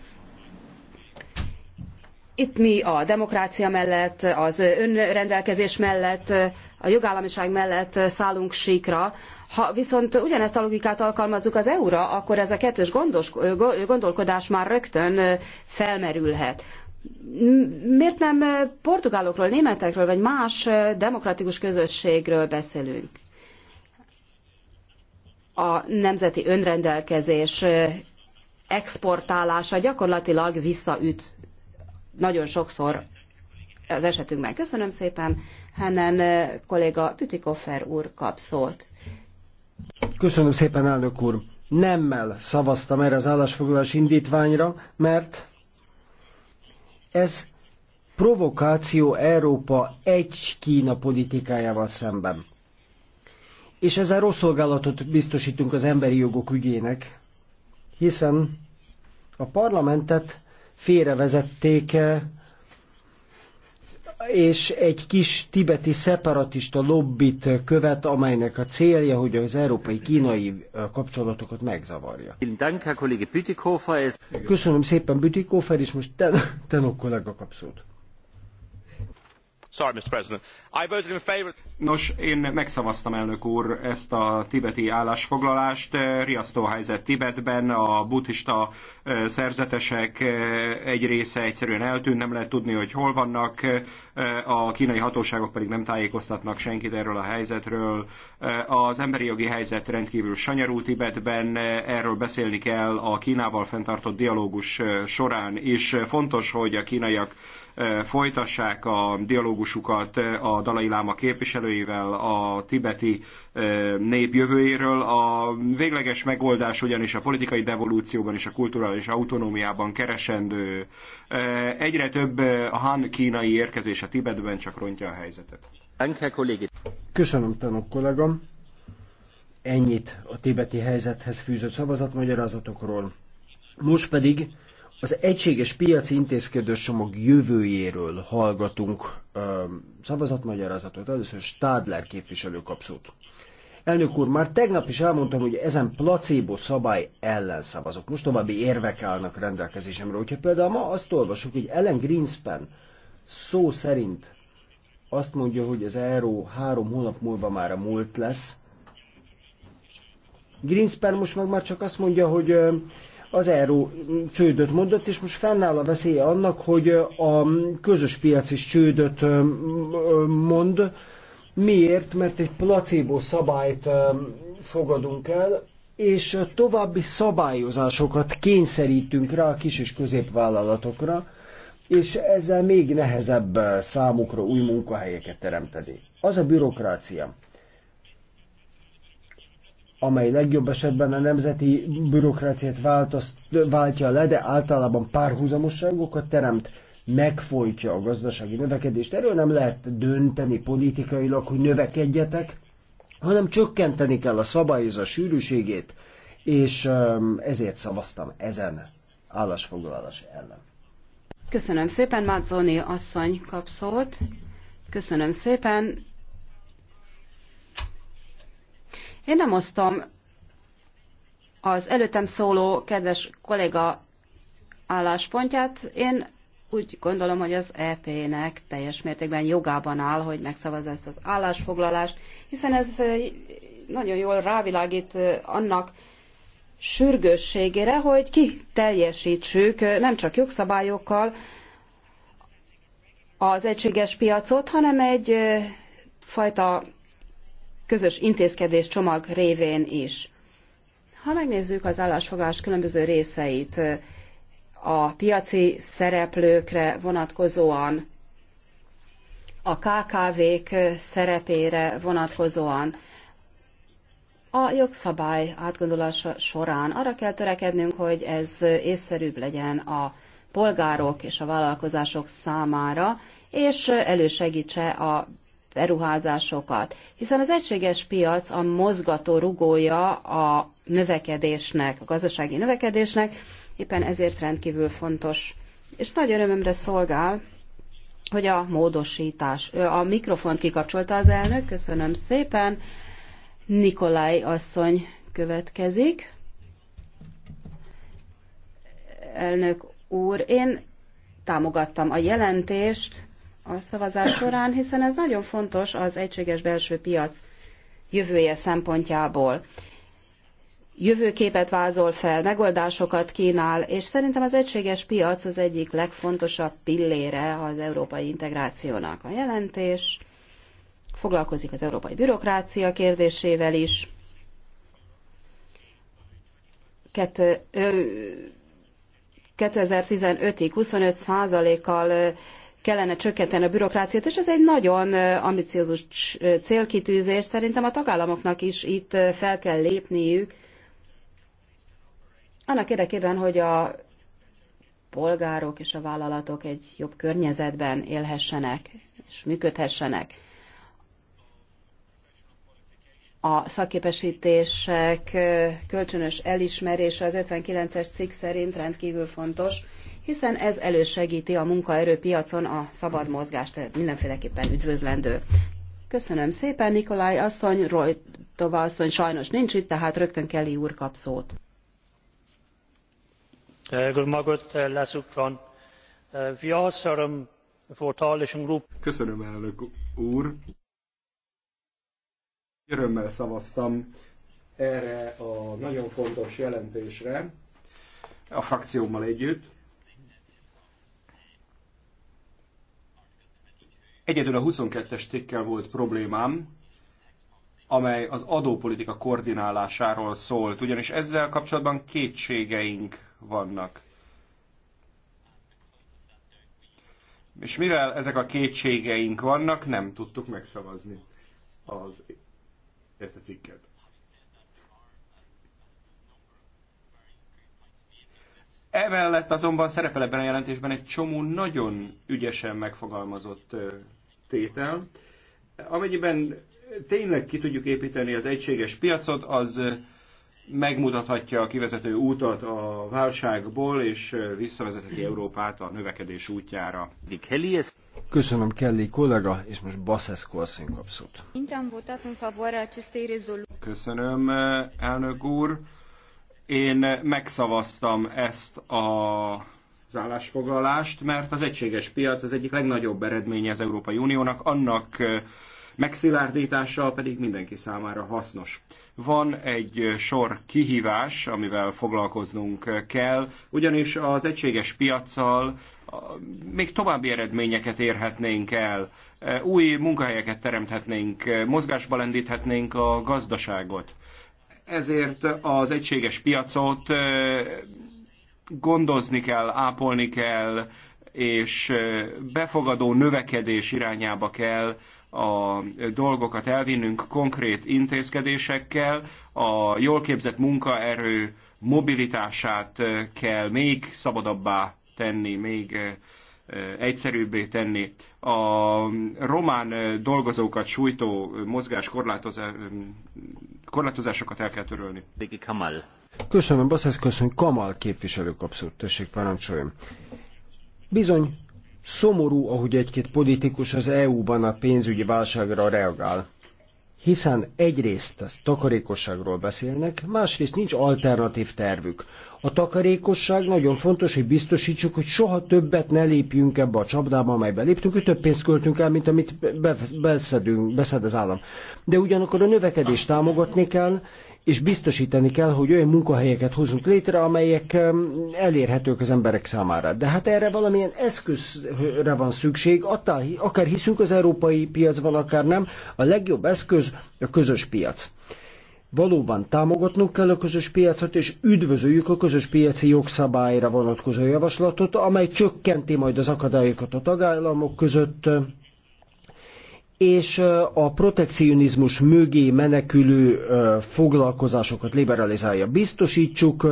Itt mi a demokrácia mellett, az önrendelkezés mellett, a jogállamiság mellett szállunk síkra, ha viszont ugyanezt a logikát alkalmazzuk az EU-ra, akkor ez a kettős gondos, gondolkodás már rögtön felmerülhet. Miért nem portugálokról, németekről, vagy más demokratikus közösségről beszélünk? A nemzeti önrendelkezés exportálása gyakorlatilag visszaüt nagyon sokszor az esetünkben. Köszönöm szépen, Hennen kolléga Pütikoffer úr kap szót. Köszönöm szépen, elnök úr. Nemmel szavaztam erre az állásfoglalás indítványra, mert ez provokáció Európa egy Kína politikájával szemben. És ezzel rossz szolgálatot biztosítunk az emberi jogok ügyének, hiszen a parlamentet félrevezették és egy kis tibeti szeparatista lobbit követ, amelynek a célja, hogy az európai-kínai kapcsolatokat megzavarja. Köszönöm szépen, Bütikófer, és most ten, a kollega kapszót. Nos, én megszavaztam, elnök úr, ezt a tibeti állásfoglalást. Eh, riasztó helyzet Tibetben, a buddhista eh, szerzetesek eh, egy része egyszerűen eltűnt, nem lehet tudni, hogy hol vannak, a kínai hatóságok pedig nem tájékoztatnak senkit erről a helyzetről. Az emberi jogi helyzet rendkívül sanyarú Tibetben, erről beszélni kell a Kínával fenntartott dialógus során, és fontos, hogy a kínaiak folytassák a dialógus dialógusukat eh, a Dalai Láma képviselőivel, a tibeti eh, nép jövőjéről. A végleges megoldás ugyanis a politikai devolúcióban és a kulturális autonómiában keresendő. Eh, egyre több a han kínai érkezés a Tibetben csak rontja a helyzetet. Köszönöm, tanok kollégám. Ennyit a tibeti helyzethez fűzött szavazatmagyarázatokról. Most pedig az egységes piaci intézkedősomok jövőjéről hallgatunk szavazatmagyarázatot. Először Stadler képviselő kapszót. Elnök úr, már tegnap is elmondtam, hogy ezen placebo szabály ellen szavazok. Most további érvek állnak rendelkezésemre. Hogyha például ma azt olvasok, hogy Ellen Greenspan szó szerint azt mondja, hogy az euró három hónap múlva már a múlt lesz, Greenspan most meg már csak azt mondja, hogy az euró csődöt mondott, és most fennáll a veszélye annak, hogy a közös piac is csődöt mond. Miért? Mert egy placebo szabályt fogadunk el, és további szabályozásokat kényszerítünk rá a kis és középvállalatokra, és ezzel még nehezebb számukra új munkahelyeket teremteni. Az a bürokrácia, amely legjobb esetben a nemzeti bürokráciát változt, váltja le, de általában párhuzamosságokat teremt, megfolytja a gazdasági növekedést. Erről nem lehet dönteni politikailag, hogy növekedjetek, hanem csökkenteni kell a szabályozás sűrűségét, és um, ezért szavaztam ezen állásfoglalás ellen. Köszönöm szépen, Mazzoni asszony kap szót. Köszönöm szépen. Én nem osztom az előttem szóló kedves kolléga álláspontját. Én úgy gondolom, hogy az EP-nek teljes mértékben jogában áll, hogy megszavazza ezt az állásfoglalást, hiszen ez eh, nagyon jól rávilágít eh, annak sürgősségére, hogy ki teljesítsük eh, nem csak jogszabályokkal az egységes piacot, hanem egy fajta közös intézkedés csomag révén is. Ha megnézzük az állásfoglalás különböző részeit, eh, a piaci szereplőkre vonatkozóan, a KKV-k szerepére vonatkozóan, a jogszabály átgondolása során arra kell törekednünk, hogy ez észszerűbb legyen a polgárok és a vállalkozások számára, és elősegítse a beruházásokat, hiszen az egységes piac a mozgató rugója a növekedésnek, a gazdasági növekedésnek, éppen ezért rendkívül fontos. És nagy örömömre szolgál, hogy a módosítás, a mikrofont kikapcsolta az elnök, köszönöm szépen. Nikolaj asszony következik. Elnök úr, én támogattam a jelentést, a szavazás során, hiszen ez nagyon fontos az egységes belső piac jövője szempontjából. Jövőképet vázol fel, megoldásokat kínál, és szerintem az egységes piac az egyik legfontosabb pillére az európai integrációnak. A jelentés foglalkozik az európai bürokrácia kérdésével is. Kettő, 2015-ig 25 kal kellene csökkenteni a bürokráciát, és ez egy nagyon ambiciózus célkitűzés. Szerintem a tagállamoknak is itt fel kell lépniük, annak érdekében, hogy a polgárok és a vállalatok egy jobb környezetben élhessenek és működhessenek. A szakképesítések kölcsönös elismerése az 59-es cikk szerint rendkívül fontos, hiszen ez elősegíti a munkaerőpiacon a szabad mozgást, ez mindenféleképpen üdvözlendő. Köszönöm szépen, Nikolaj asszony, Rojtova asszony sajnos nincs itt, tehát rögtön Kelly úr kap szót. Eh, eh, Köszönöm, elnök úr. Örömmel szavaztam erre a nagyon fontos jelentésre a frakciómmal együtt. Egyedül a 22-es cikkel volt problémám, amely az adópolitika koordinálásáról szólt, ugyanis ezzel kapcsolatban kétségeink vannak. És mivel ezek a kétségeink vannak, nem tudtuk megszavazni az, ezt a cikket. Emellett azonban szerepel ebben a jelentésben egy csomó nagyon ügyesen megfogalmazott tétel. Amennyiben tényleg ki tudjuk építeni az egységes piacot, az megmutathatja a kivezető útat a válságból, és visszavezetheti Európát a növekedés útjára. Köszönöm Kelly kollega, és most Baszeszko a kap Köszönöm, elnök úr. Én megszavaztam ezt a állásfoglalást, mert az egységes piac az egyik legnagyobb eredménye az Európai Uniónak, annak megszilárdítása pedig mindenki számára hasznos. Van egy sor kihívás, amivel foglalkoznunk kell, ugyanis az egységes piaccal még további eredményeket érhetnénk el, új munkahelyeket teremthetnénk, mozgásba lendíthetnénk a gazdaságot. Ezért az egységes piacot gondozni kell, ápolni kell, és befogadó növekedés irányába kell a dolgokat elvinnünk konkrét intézkedésekkel, a jól képzett munkaerő mobilitását kell még szabadabbá tenni, még egyszerűbbé tenni. A román dolgozókat sújtó mozgáskorlátozás korlátozásokat el kell törölni. Kamal. Köszönöm, Baszász, köszönöm. Kamal képviselő kapszót, tessék, parancsoljon. Bizony, szomorú, ahogy egy-két politikus az EU-ban a pénzügyi válságra reagál hiszen egyrészt takarékosságról beszélnek, másrészt nincs alternatív tervük. A takarékosság nagyon fontos, hogy biztosítsuk, hogy soha többet ne lépjünk ebbe a csapdába, amelybe léptünk, hogy több pénzt költünk el, mint amit be, beszedünk, beszed az állam. De ugyanakkor a növekedést támogatni kell, és biztosítani kell, hogy olyan munkahelyeket hozunk létre, amelyek elérhetők az emberek számára. De hát erre valamilyen eszközre van szükség, attál, akár hiszünk az európai piacban, akár nem, a legjobb eszköz a közös piac. Valóban támogatnunk kell a közös piacot, és üdvözöljük a közös piaci jogszabályra vonatkozó javaslatot, amely csökkenti majd az akadályokat a tagállamok között, és a protekcionizmus mögé menekülő foglalkozásokat liberalizálja. Biztosítsuk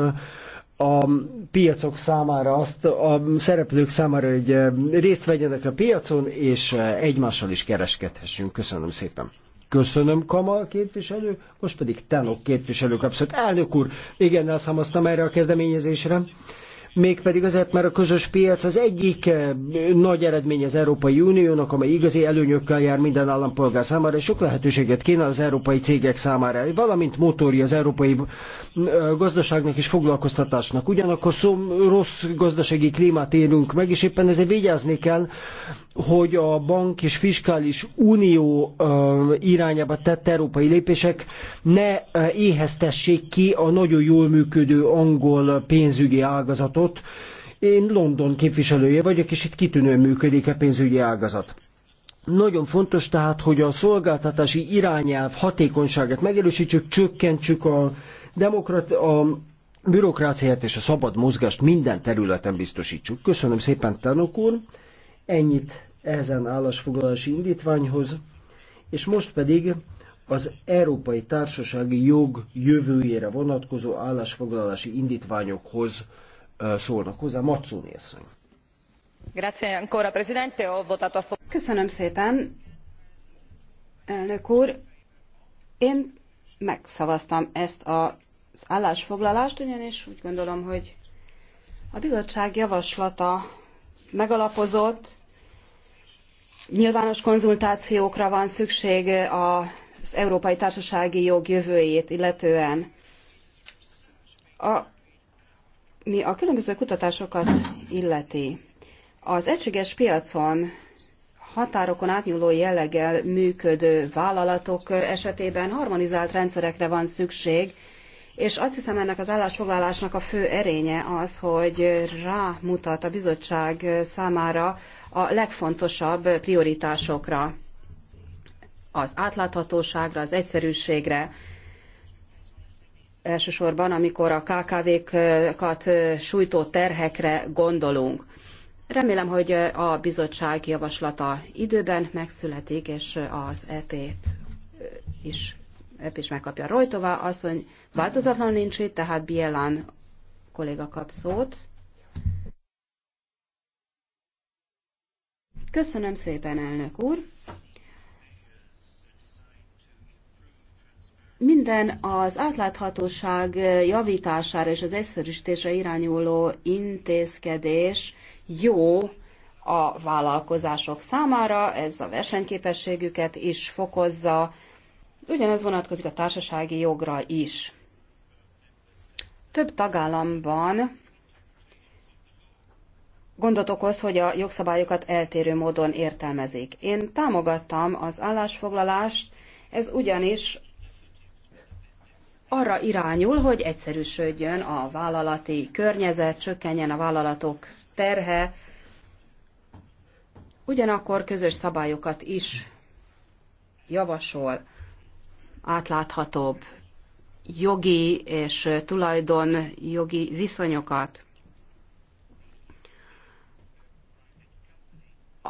a piacok számára azt, a szereplők számára, hogy részt vegyenek a piacon, és egymással is kereskedhessünk. Köszönöm szépen. Köszönöm, Kamal képviselő, most pedig Tenok képviselő kapszott. Elnök úr, igen, elszámoztam erre a kezdeményezésre mégpedig azért, mert a közös piac az egyik eh, nagy eredmény az Európai Uniónak, amely igazi előnyökkel jár minden állampolgár számára, és sok lehetőséget kínál az európai cégek számára, valamint motorja az európai eh, gazdaságnak és foglalkoztatásnak. Ugyanakkor szó, rossz gazdasági klímát élünk meg, és éppen ezért vigyázni kell, hogy a bank és fiskális unió eh, irányába tett európai lépések ne éheztessék ki a nagyon jól működő angol pénzügyi ágazatot, ágazatot. Én London képviselője vagyok, és itt kitűnően működik a pénzügyi ágazat. Nagyon fontos tehát, hogy a szolgáltatási irányelv hatékonyságát megerősítsük, csökkentsük a, demokrat, a bürokráciát és a szabad mozgást minden területen biztosítsuk. Köszönöm szépen, Tanok úr! Ennyit ezen állásfoglalási indítványhoz, és most pedig az Európai Társasági Jog jövőjére vonatkozó állásfoglalási indítványokhoz szólnak hozzá. Matszóni asszony. Köszönöm szépen, elnök úr. Én megszavaztam ezt az állásfoglalást, ugyanis úgy gondolom, hogy a bizottság javaslata megalapozott, nyilvános konzultációkra van szükség az európai társasági jog jövőjét illetően. A mi a különböző kutatásokat illeti, az egységes piacon határokon átnyúló jelleggel működő vállalatok esetében harmonizált rendszerekre van szükség, és azt hiszem ennek az állásfoglalásnak a fő erénye az, hogy rámutat a bizottság számára a legfontosabb prioritásokra, az átláthatóságra, az egyszerűségre, elsősorban, amikor a KKV-kat sújtó terhekre gondolunk. Remélem, hogy a bizottság javaslata időben megszületik, és az EP-t is, EP is megkapja. Azt, hogy változatlan nincs itt, tehát Bielán kolléga kap szót. Köszönöm szépen, elnök úr! Minden az átláthatóság javítására és az egyszerűsítésre irányuló intézkedés jó a vállalkozások számára, ez a versenyképességüket is fokozza, ugyanez vonatkozik a társasági jogra is. Több tagállamban gondot okoz, hogy a jogszabályokat eltérő módon értelmezik. Én támogattam az állásfoglalást, ez ugyanis arra irányul, hogy egyszerűsödjön a vállalati környezet, csökkenjen a vállalatok terhe, ugyanakkor közös szabályokat is javasol, átláthatóbb jogi és tulajdon jogi viszonyokat.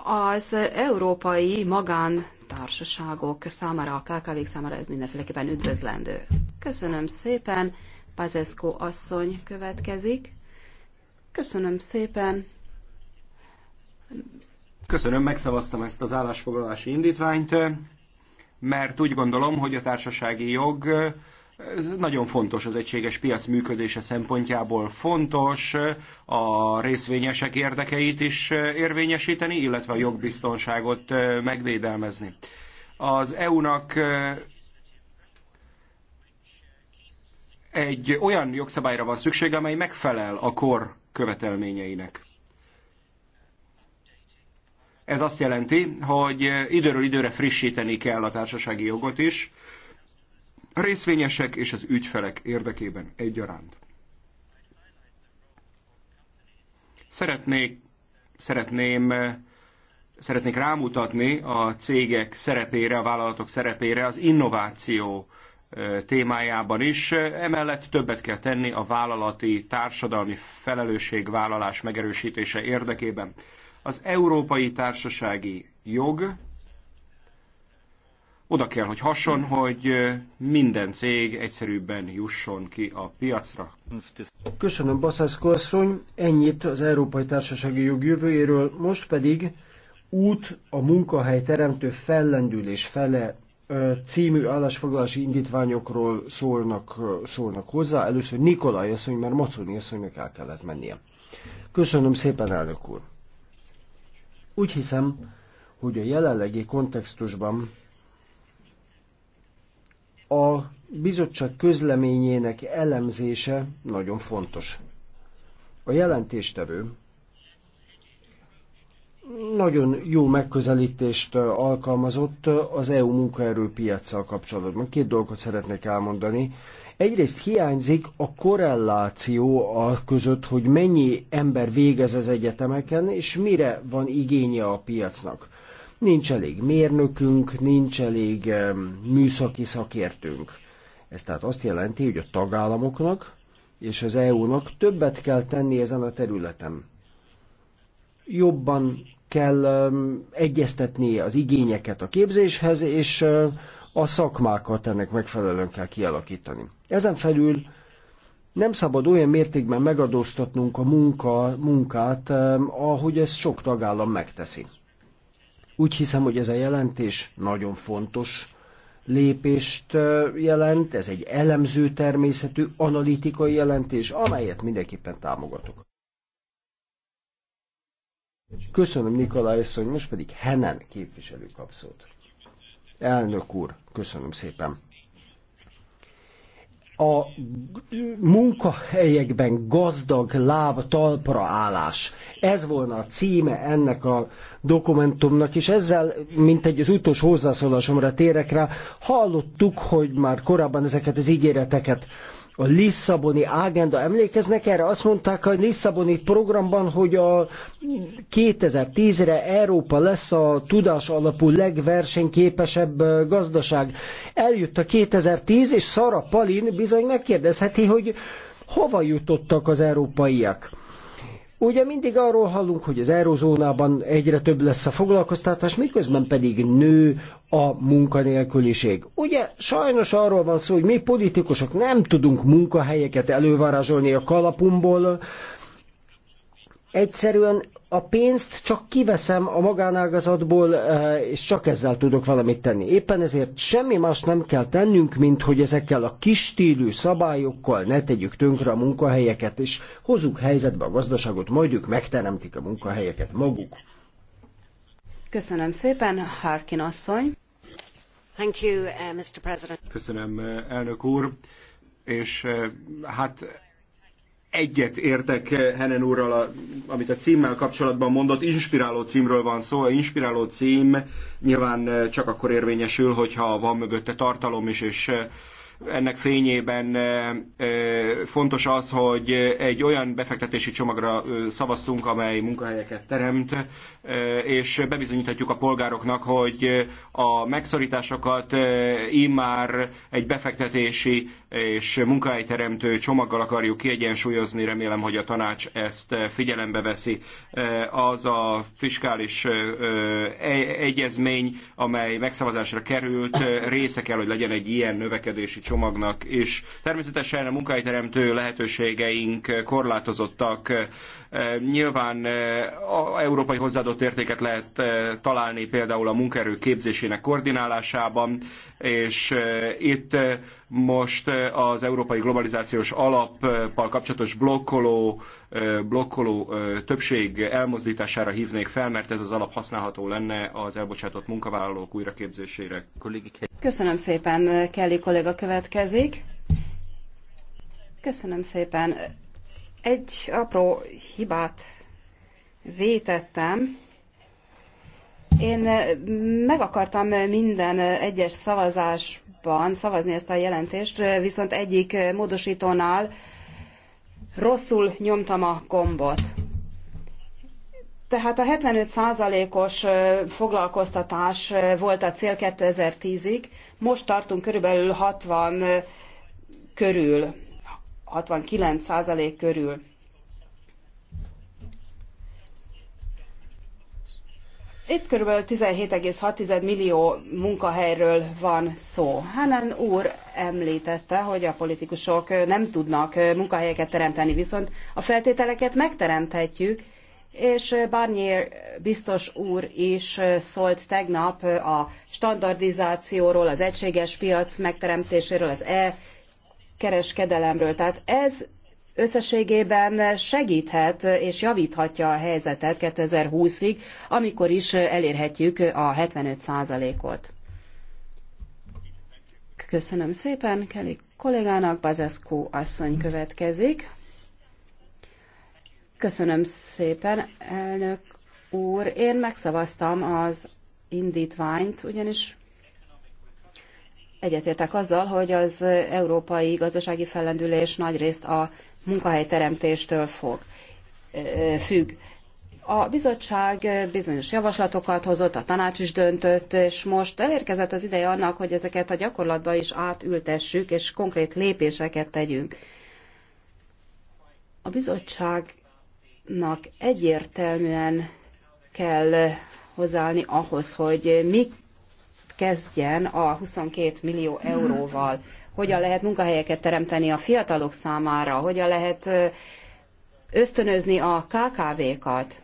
Az európai magán társaságok számára, a kkv számára ez mindenféleképpen üdvözlendő. Köszönöm szépen, Pazeszko asszony következik. Köszönöm szépen. Köszönöm, megszavaztam ezt az állásfoglalási indítványt, mert úgy gondolom, hogy a társasági jog nagyon fontos az egységes piac működése szempontjából fontos a részvényesek érdekeit is érvényesíteni, illetve a jogbiztonságot megvédelmezni. Az EU-nak egy olyan jogszabályra van szüksége, amely megfelel a kor követelményeinek. Ez azt jelenti, hogy időről időre frissíteni kell a társasági jogot is, a részvényesek és az ügyfelek érdekében egyaránt. Szeretnék, szeretném szeretnék rámutatni a cégek szerepére, a vállalatok szerepére az innováció témájában is. Emellett többet kell tenni a vállalati társadalmi felelősségvállalás megerősítése érdekében. Az európai társasági jog oda kell, hogy hason, hogy minden cég egyszerűbben jusson ki a piacra. Köszönöm, Baszászko asszony, ennyit az Európai Társasági Jog jövőjéről, most pedig út a munkahely teremtő fellendülés fele című állásfoglalási indítványokról szólnak, szólnak hozzá. Először Nikolaj asszony, mert Maconi asszonynak el kellett mennie. Köszönöm szépen, elnök úr. Úgy hiszem, hogy a jelenlegi kontextusban a bizottság közleményének elemzése nagyon fontos. A jelentéstevő nagyon jó megközelítést alkalmazott az EU munkaerőpiacsal kapcsolatban. Két dolgot szeretnék elmondani. Egyrészt hiányzik a korreláció a között, hogy mennyi ember végez az egyetemeken, és mire van igénye a piacnak. Nincs elég mérnökünk, nincs elég műszaki szakértünk. Ez tehát azt jelenti, hogy a tagállamoknak és az EU-nak többet kell tenni ezen a területen. Jobban kell egyeztetni az igényeket a képzéshez, és a szakmákat ennek megfelelően kell kialakítani. Ezen felül nem szabad olyan mértékben megadóztatnunk a munka, munkát, ahogy ezt sok tagállam megteszi. Úgy hiszem, hogy ez a jelentés nagyon fontos lépést jelent, ez egy elemző természetű, analitikai jelentés, amelyet mindenképpen támogatok. Köszönöm, Nikolaj Eszony, most pedig Henen képviselő kapszót. Elnök úr, köszönöm szépen a munkahelyekben gazdag láb talpra állás. Ez volna a címe ennek a dokumentumnak, és ezzel, mint egy az utolsó hozzászólásomra térek rá, hallottuk, hogy már korábban ezeket az ígéreteket a Lisszaboni ágenda, emlékeznek erre? Azt mondták a Lisszaboni programban, hogy a 2010-re Európa lesz a tudás alapú legversenyképesebb gazdaság. Eljött a 2010, és Szara Palin bizony megkérdezheti, hogy hova jutottak az európaiak. Ugye mindig arról hallunk, hogy az eurozónában egyre több lesz a foglalkoztatás, miközben pedig nő a munkanélküliség. Ugye sajnos arról van szó, hogy mi politikusok nem tudunk munkahelyeket elővarázsolni a kalapumból, egyszerűen a pénzt csak kiveszem a magánágazatból, eh, és csak ezzel tudok valamit tenni. Éppen ezért semmi más nem kell tennünk, mint hogy ezekkel a kis stílű szabályokkal ne tegyük tönkre a munkahelyeket, és hozzuk helyzetbe a gazdaságot, majd ők megteremtik a munkahelyeket maguk. Köszönöm szépen, Harkin asszony. Thank you, eh, Mr. President. Köszönöm, eh, elnök úr. És hát egyet értek Henen úrral, a, amit a címmel kapcsolatban mondott, inspiráló címről van szó. A inspiráló cím nyilván csak akkor érvényesül, hogyha van mögötte tartalom is, és ennek fényében fontos az, hogy egy olyan befektetési csomagra szavaztunk, amely munkahelyeket teremt, és bebizonyíthatjuk a polgároknak, hogy a megszorításokat immár egy befektetési és munkahelyteremtő csomaggal akarjuk kiegyensúlyozni, remélem, hogy a tanács ezt figyelembe veszi. Az a fiskális e, egyezmény, amely megszavazásra került, része kell, hogy legyen egy ilyen növekedési csomag csomagnak És Természetesen a munkahelyteremtő lehetőségeink korlátozottak. Eh, nyilván eh, a európai hozzáadott értéket lehet eh, találni például a munkaerő képzésének koordinálásában, és itt most eh, az európai globalizációs alappal kapcsolatos blokkoló, eh, blokkoló eh, többség elmozdítására hívnék fel, mert ez az alap használható lenne az elbocsátott munkavállalók újraképzésére. Köszönöm szépen, Kelly kolléga következik. Köszönöm szépen. Egy apró hibát vétettem. Én meg akartam minden egyes szavazás hónapban szavazni ezt a jelentést, viszont egyik módosítónál rosszul nyomtam a gombot. Tehát a 75%-os foglalkoztatás volt a cél 2010-ig, most tartunk körülbelül 60 körül, 69% körül. Itt kb. 17,6 millió munkahelyről van szó. Hanan úr említette, hogy a politikusok nem tudnak munkahelyeket teremteni, viszont a feltételeket megteremthetjük, és Barnier biztos úr is szólt tegnap a standardizációról, az egységes piac megteremtéséről, az e-kereskedelemről. Tehát ez összességében segíthet és javíthatja a helyzetet 2020-ig, amikor is elérhetjük a 75%-ot. Köszönöm szépen, Kelly kollégának, Bazescu asszony következik. Köszönöm szépen, elnök úr. Én megszavaztam az indítványt, ugyanis egyetértek azzal, hogy az európai gazdasági fellendülés részt a munkahelyteremtéstől fog, függ. A bizottság bizonyos javaslatokat hozott, a tanács is döntött, és most elérkezett az ideje annak, hogy ezeket a gyakorlatba is átültessük, és konkrét lépéseket tegyünk. A bizottságnak egyértelműen kell hozzáállni ahhoz, hogy mi kezdjen a 22 millió euróval hogyan lehet munkahelyeket teremteni a fiatalok számára, hogyan lehet ösztönözni a KKV-kat.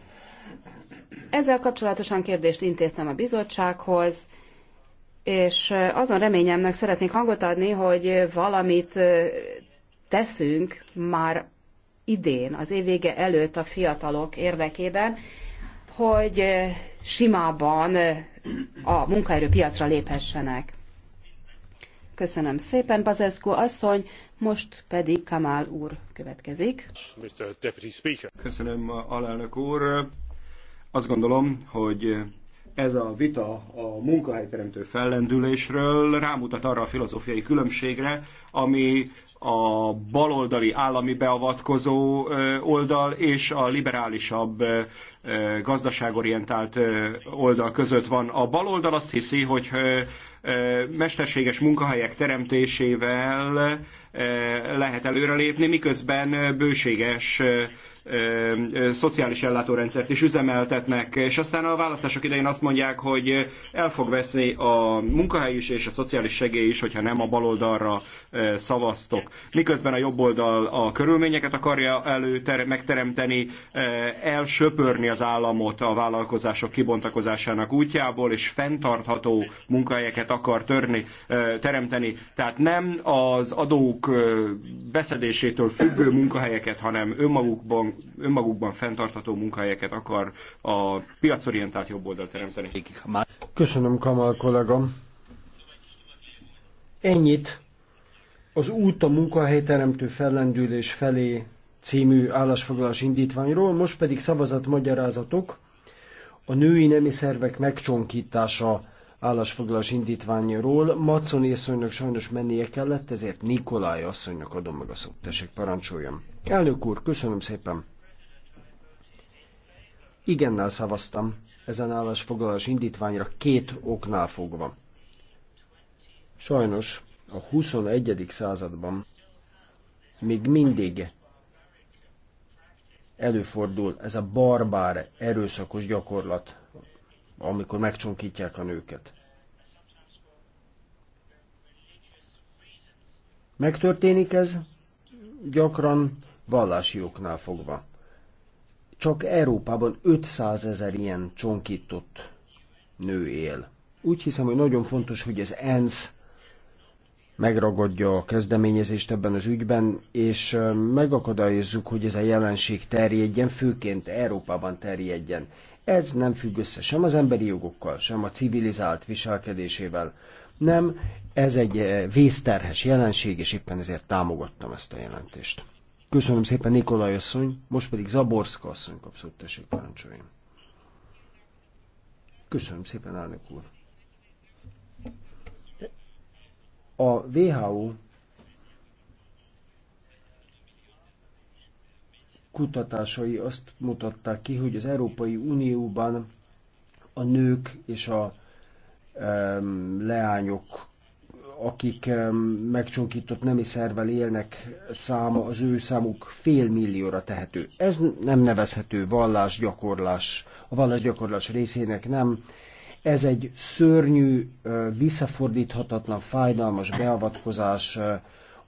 Ezzel kapcsolatosan kérdést intéztem a bizottsághoz, és azon reményemnek szeretnék hangot adni, hogy valamit teszünk már idén, az év vége előtt a fiatalok érdekében, hogy simában a munkaerőpiacra léphessenek. Köszönöm szépen, Bazescu asszony, most pedig Kamál úr következik. Köszönöm, alelnök úr. Azt gondolom, hogy ez a vita a munkahelyteremtő fellendülésről rámutat arra a filozófiai különbségre, ami a baloldali állami beavatkozó oldal és a liberálisabb gazdaságorientált oldal között van. A baloldal azt hiszi, hogy mesterséges munkahelyek teremtésével lehet előrelépni, miközben bőséges szociális ellátórendszert is üzemeltetnek, és aztán a választások idején azt mondják, hogy el fog veszni a munkahely is és a szociális segély is, hogyha nem a baloldalra szavaztok. Miközben a jobb oldal a körülményeket akarja előter- megteremteni, elsöpörni az államot a vállalkozások kibontakozásának útjából, és fenntartható munkahelyeket akar törni, teremteni. Tehát nem az adók beszedésétől függő munkahelyeket, hanem önmagukban, önmagukban fenntartható munkahelyeket akar a piacorientált oldal teremteni. Köszönöm, Kamal kollégám. Ennyit az út a munkahelyteremtő fellendülés felé című állásfoglalás indítványról, most pedig szavazatmagyarázatok a női nemi szervek megcsonkítása állásfoglalás indítványról. Maconi asszonynak sajnos mennie kellett, ezért Nikolaj asszonynak adom meg a szót. Tessék, parancsoljam. Elnök úr, köszönöm szépen. Igennel szavaztam ezen állásfoglalás indítványra két oknál fogva. Sajnos a 21. században még mindig előfordul ez a barbár erőszakos gyakorlat, amikor megcsonkítják a nőket. Megtörténik ez gyakran vallási oknál fogva. Csak Európában 500 ezer ilyen csonkított nő él. Úgy hiszem, hogy nagyon fontos, hogy az ENSZ megragadja a kezdeményezést ebben az ügyben, és megakadályozzuk, hogy ez a jelenség terjedjen, főként Európában terjedjen. Ez nem függ össze sem az emberi jogokkal, sem a civilizált viselkedésével. Nem, ez egy eh, vészterhes jelenség, és éppen ezért támogattam ezt a jelentést. Köszönöm szépen Nikolaj asszony, most pedig Zaborszka asszony kapszott, tessék parancsoljon. Köszönöm szépen, elnök úr. A WHO kutatásai azt mutatták ki, hogy az Európai Unióban a nők és a um, leányok, akik um, megcsonkított nemi szervel élnek, száma, az ő számuk fél millióra tehető. Ez nem nevezhető vallásgyakorlás, a vallásgyakorlás részének nem. Ez egy szörnyű, visszafordíthatatlan, fájdalmas beavatkozás,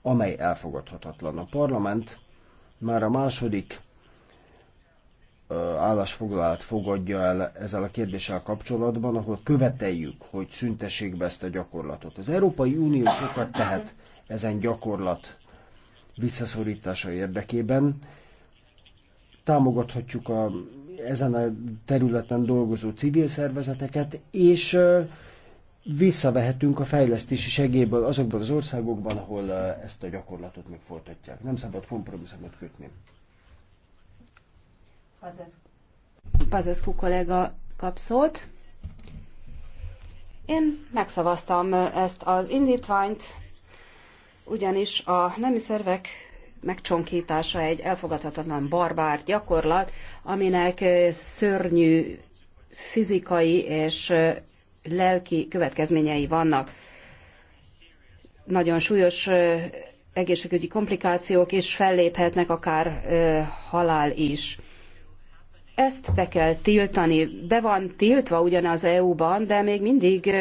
amely elfogadhatatlan. A parlament már a második állásfoglalát fogadja el ezzel a kérdéssel kapcsolatban, ahol követeljük, hogy szüntessék be ezt a gyakorlatot. Az Európai Unió sokat tehet ezen gyakorlat visszaszorítása érdekében. Támogathatjuk a, ezen a területen dolgozó civil szervezeteket, és visszavehetünk a fejlesztési segélyből azokban az országokban, ahol ezt a gyakorlatot még folytatják. Nem szabad kompromisszumot kötni. Pazeszku kollega kap szót. Én megszavaztam ezt az indítványt, ugyanis a nemi szervek megcsonkítása egy elfogadhatatlan barbár gyakorlat, aminek szörnyű fizikai és lelki következményei vannak. Nagyon súlyos egészségügyi komplikációk és felléphetnek, akár halál is. Ezt be kell tiltani. Be van tiltva ugyan az EU-ban, de még mindig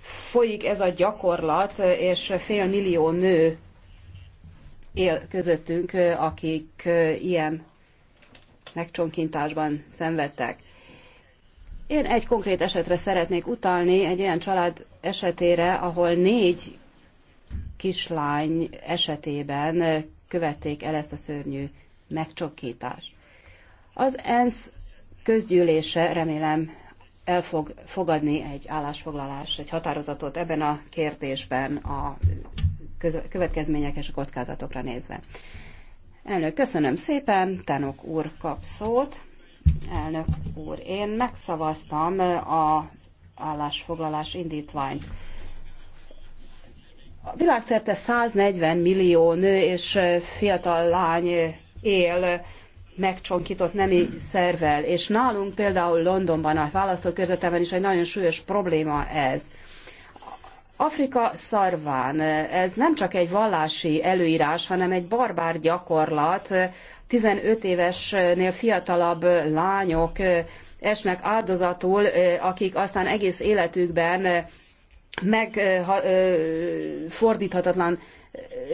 folyik ez a gyakorlat, és fél millió nő él közöttünk, akik ilyen megcsonkintásban szenvedtek. Én egy konkrét esetre szeretnék utalni, egy olyan család esetére, ahol négy kislány esetében követték el ezt a szörnyű megcsokkítást. Az ENSZ közgyűlése remélem el fog fogadni egy állásfoglalást, egy határozatot ebben a kérdésben a következmények és a kockázatokra nézve. Elnök, köszönöm szépen, Tanok úr kap szót elnök úr. Én megszavaztam az állásfoglalás indítványt. A világszerte 140 millió nő és fiatal lány él megcsonkított nemi szervel, és nálunk például Londonban, a választókörzetemben is egy nagyon súlyos probléma ez. Afrika szarván, ez nem csak egy vallási előírás, hanem egy barbár gyakorlat, 15 évesnél fiatalabb lányok esnek áldozatul, akik aztán egész életükben megfordíthatatlan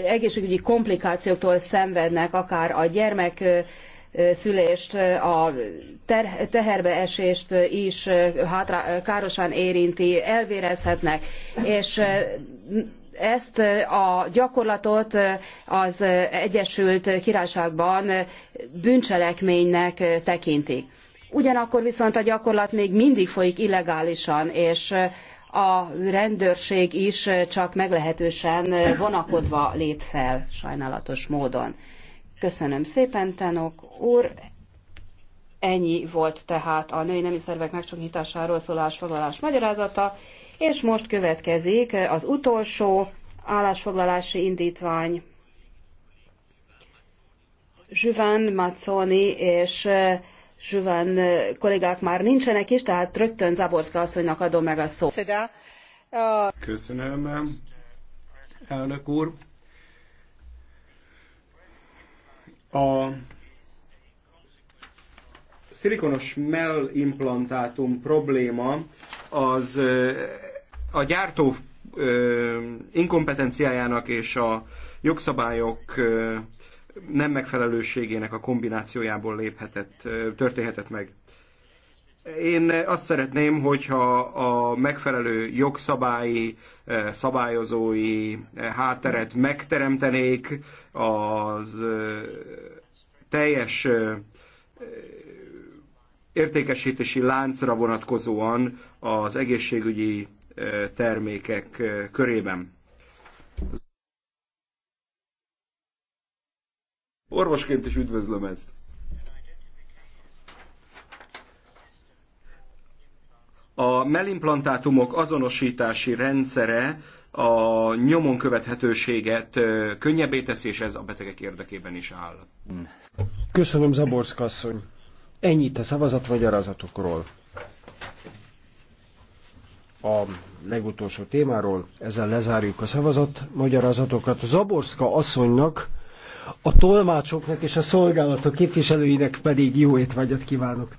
egészségügyi komplikációktól szenvednek, akár a gyermek szülést, a teherbeesést is hátra, károsan érinti, elvérezhetnek, és ezt a gyakorlatot az Egyesült Királyságban bűncselekménynek tekintik. Ugyanakkor viszont a gyakorlat még mindig folyik illegálisan, és a rendőrség is csak meglehetősen vonakodva lép fel, sajnálatos módon. Köszönöm szépen, Tenok úr. Ennyi volt tehát a női nemi szervek megcsonkításáról szóló foglalás magyarázata. És most következik az utolsó állásfoglalási indítvány. Zsüven Mazzoni és eh, Zsüven eh, kollégák már nincsenek is, tehát rögtön Zaborszka asszonynak adom meg a szót. Köszönöm, elnök úr. A szilikonos mellimplantátum probléma az eh, a gyártó inkompetenciájának és a jogszabályok nem megfelelőségének a kombinációjából léphetett, történhetett meg. Én azt szeretném, hogyha a megfelelő jogszabályi, szabályozói hátteret megteremtenék, az teljes értékesítési láncra vonatkozóan az egészségügyi termékek körében. Orvosként is üdvözlöm ezt. A melimplantátumok azonosítási rendszere a nyomon követhetőséget könnyebbé teszi, és ez a betegek érdekében is áll. Köszönöm, Zaborszka asszony. Ennyit a szavazatmagyarázatokról a legutolsó témáról, ezzel lezárjuk a szavazat magyarázatokat. Zaborszka asszonynak, a tolmácsoknak és a szolgálatok képviselőinek pedig jó étvágyat kívánok!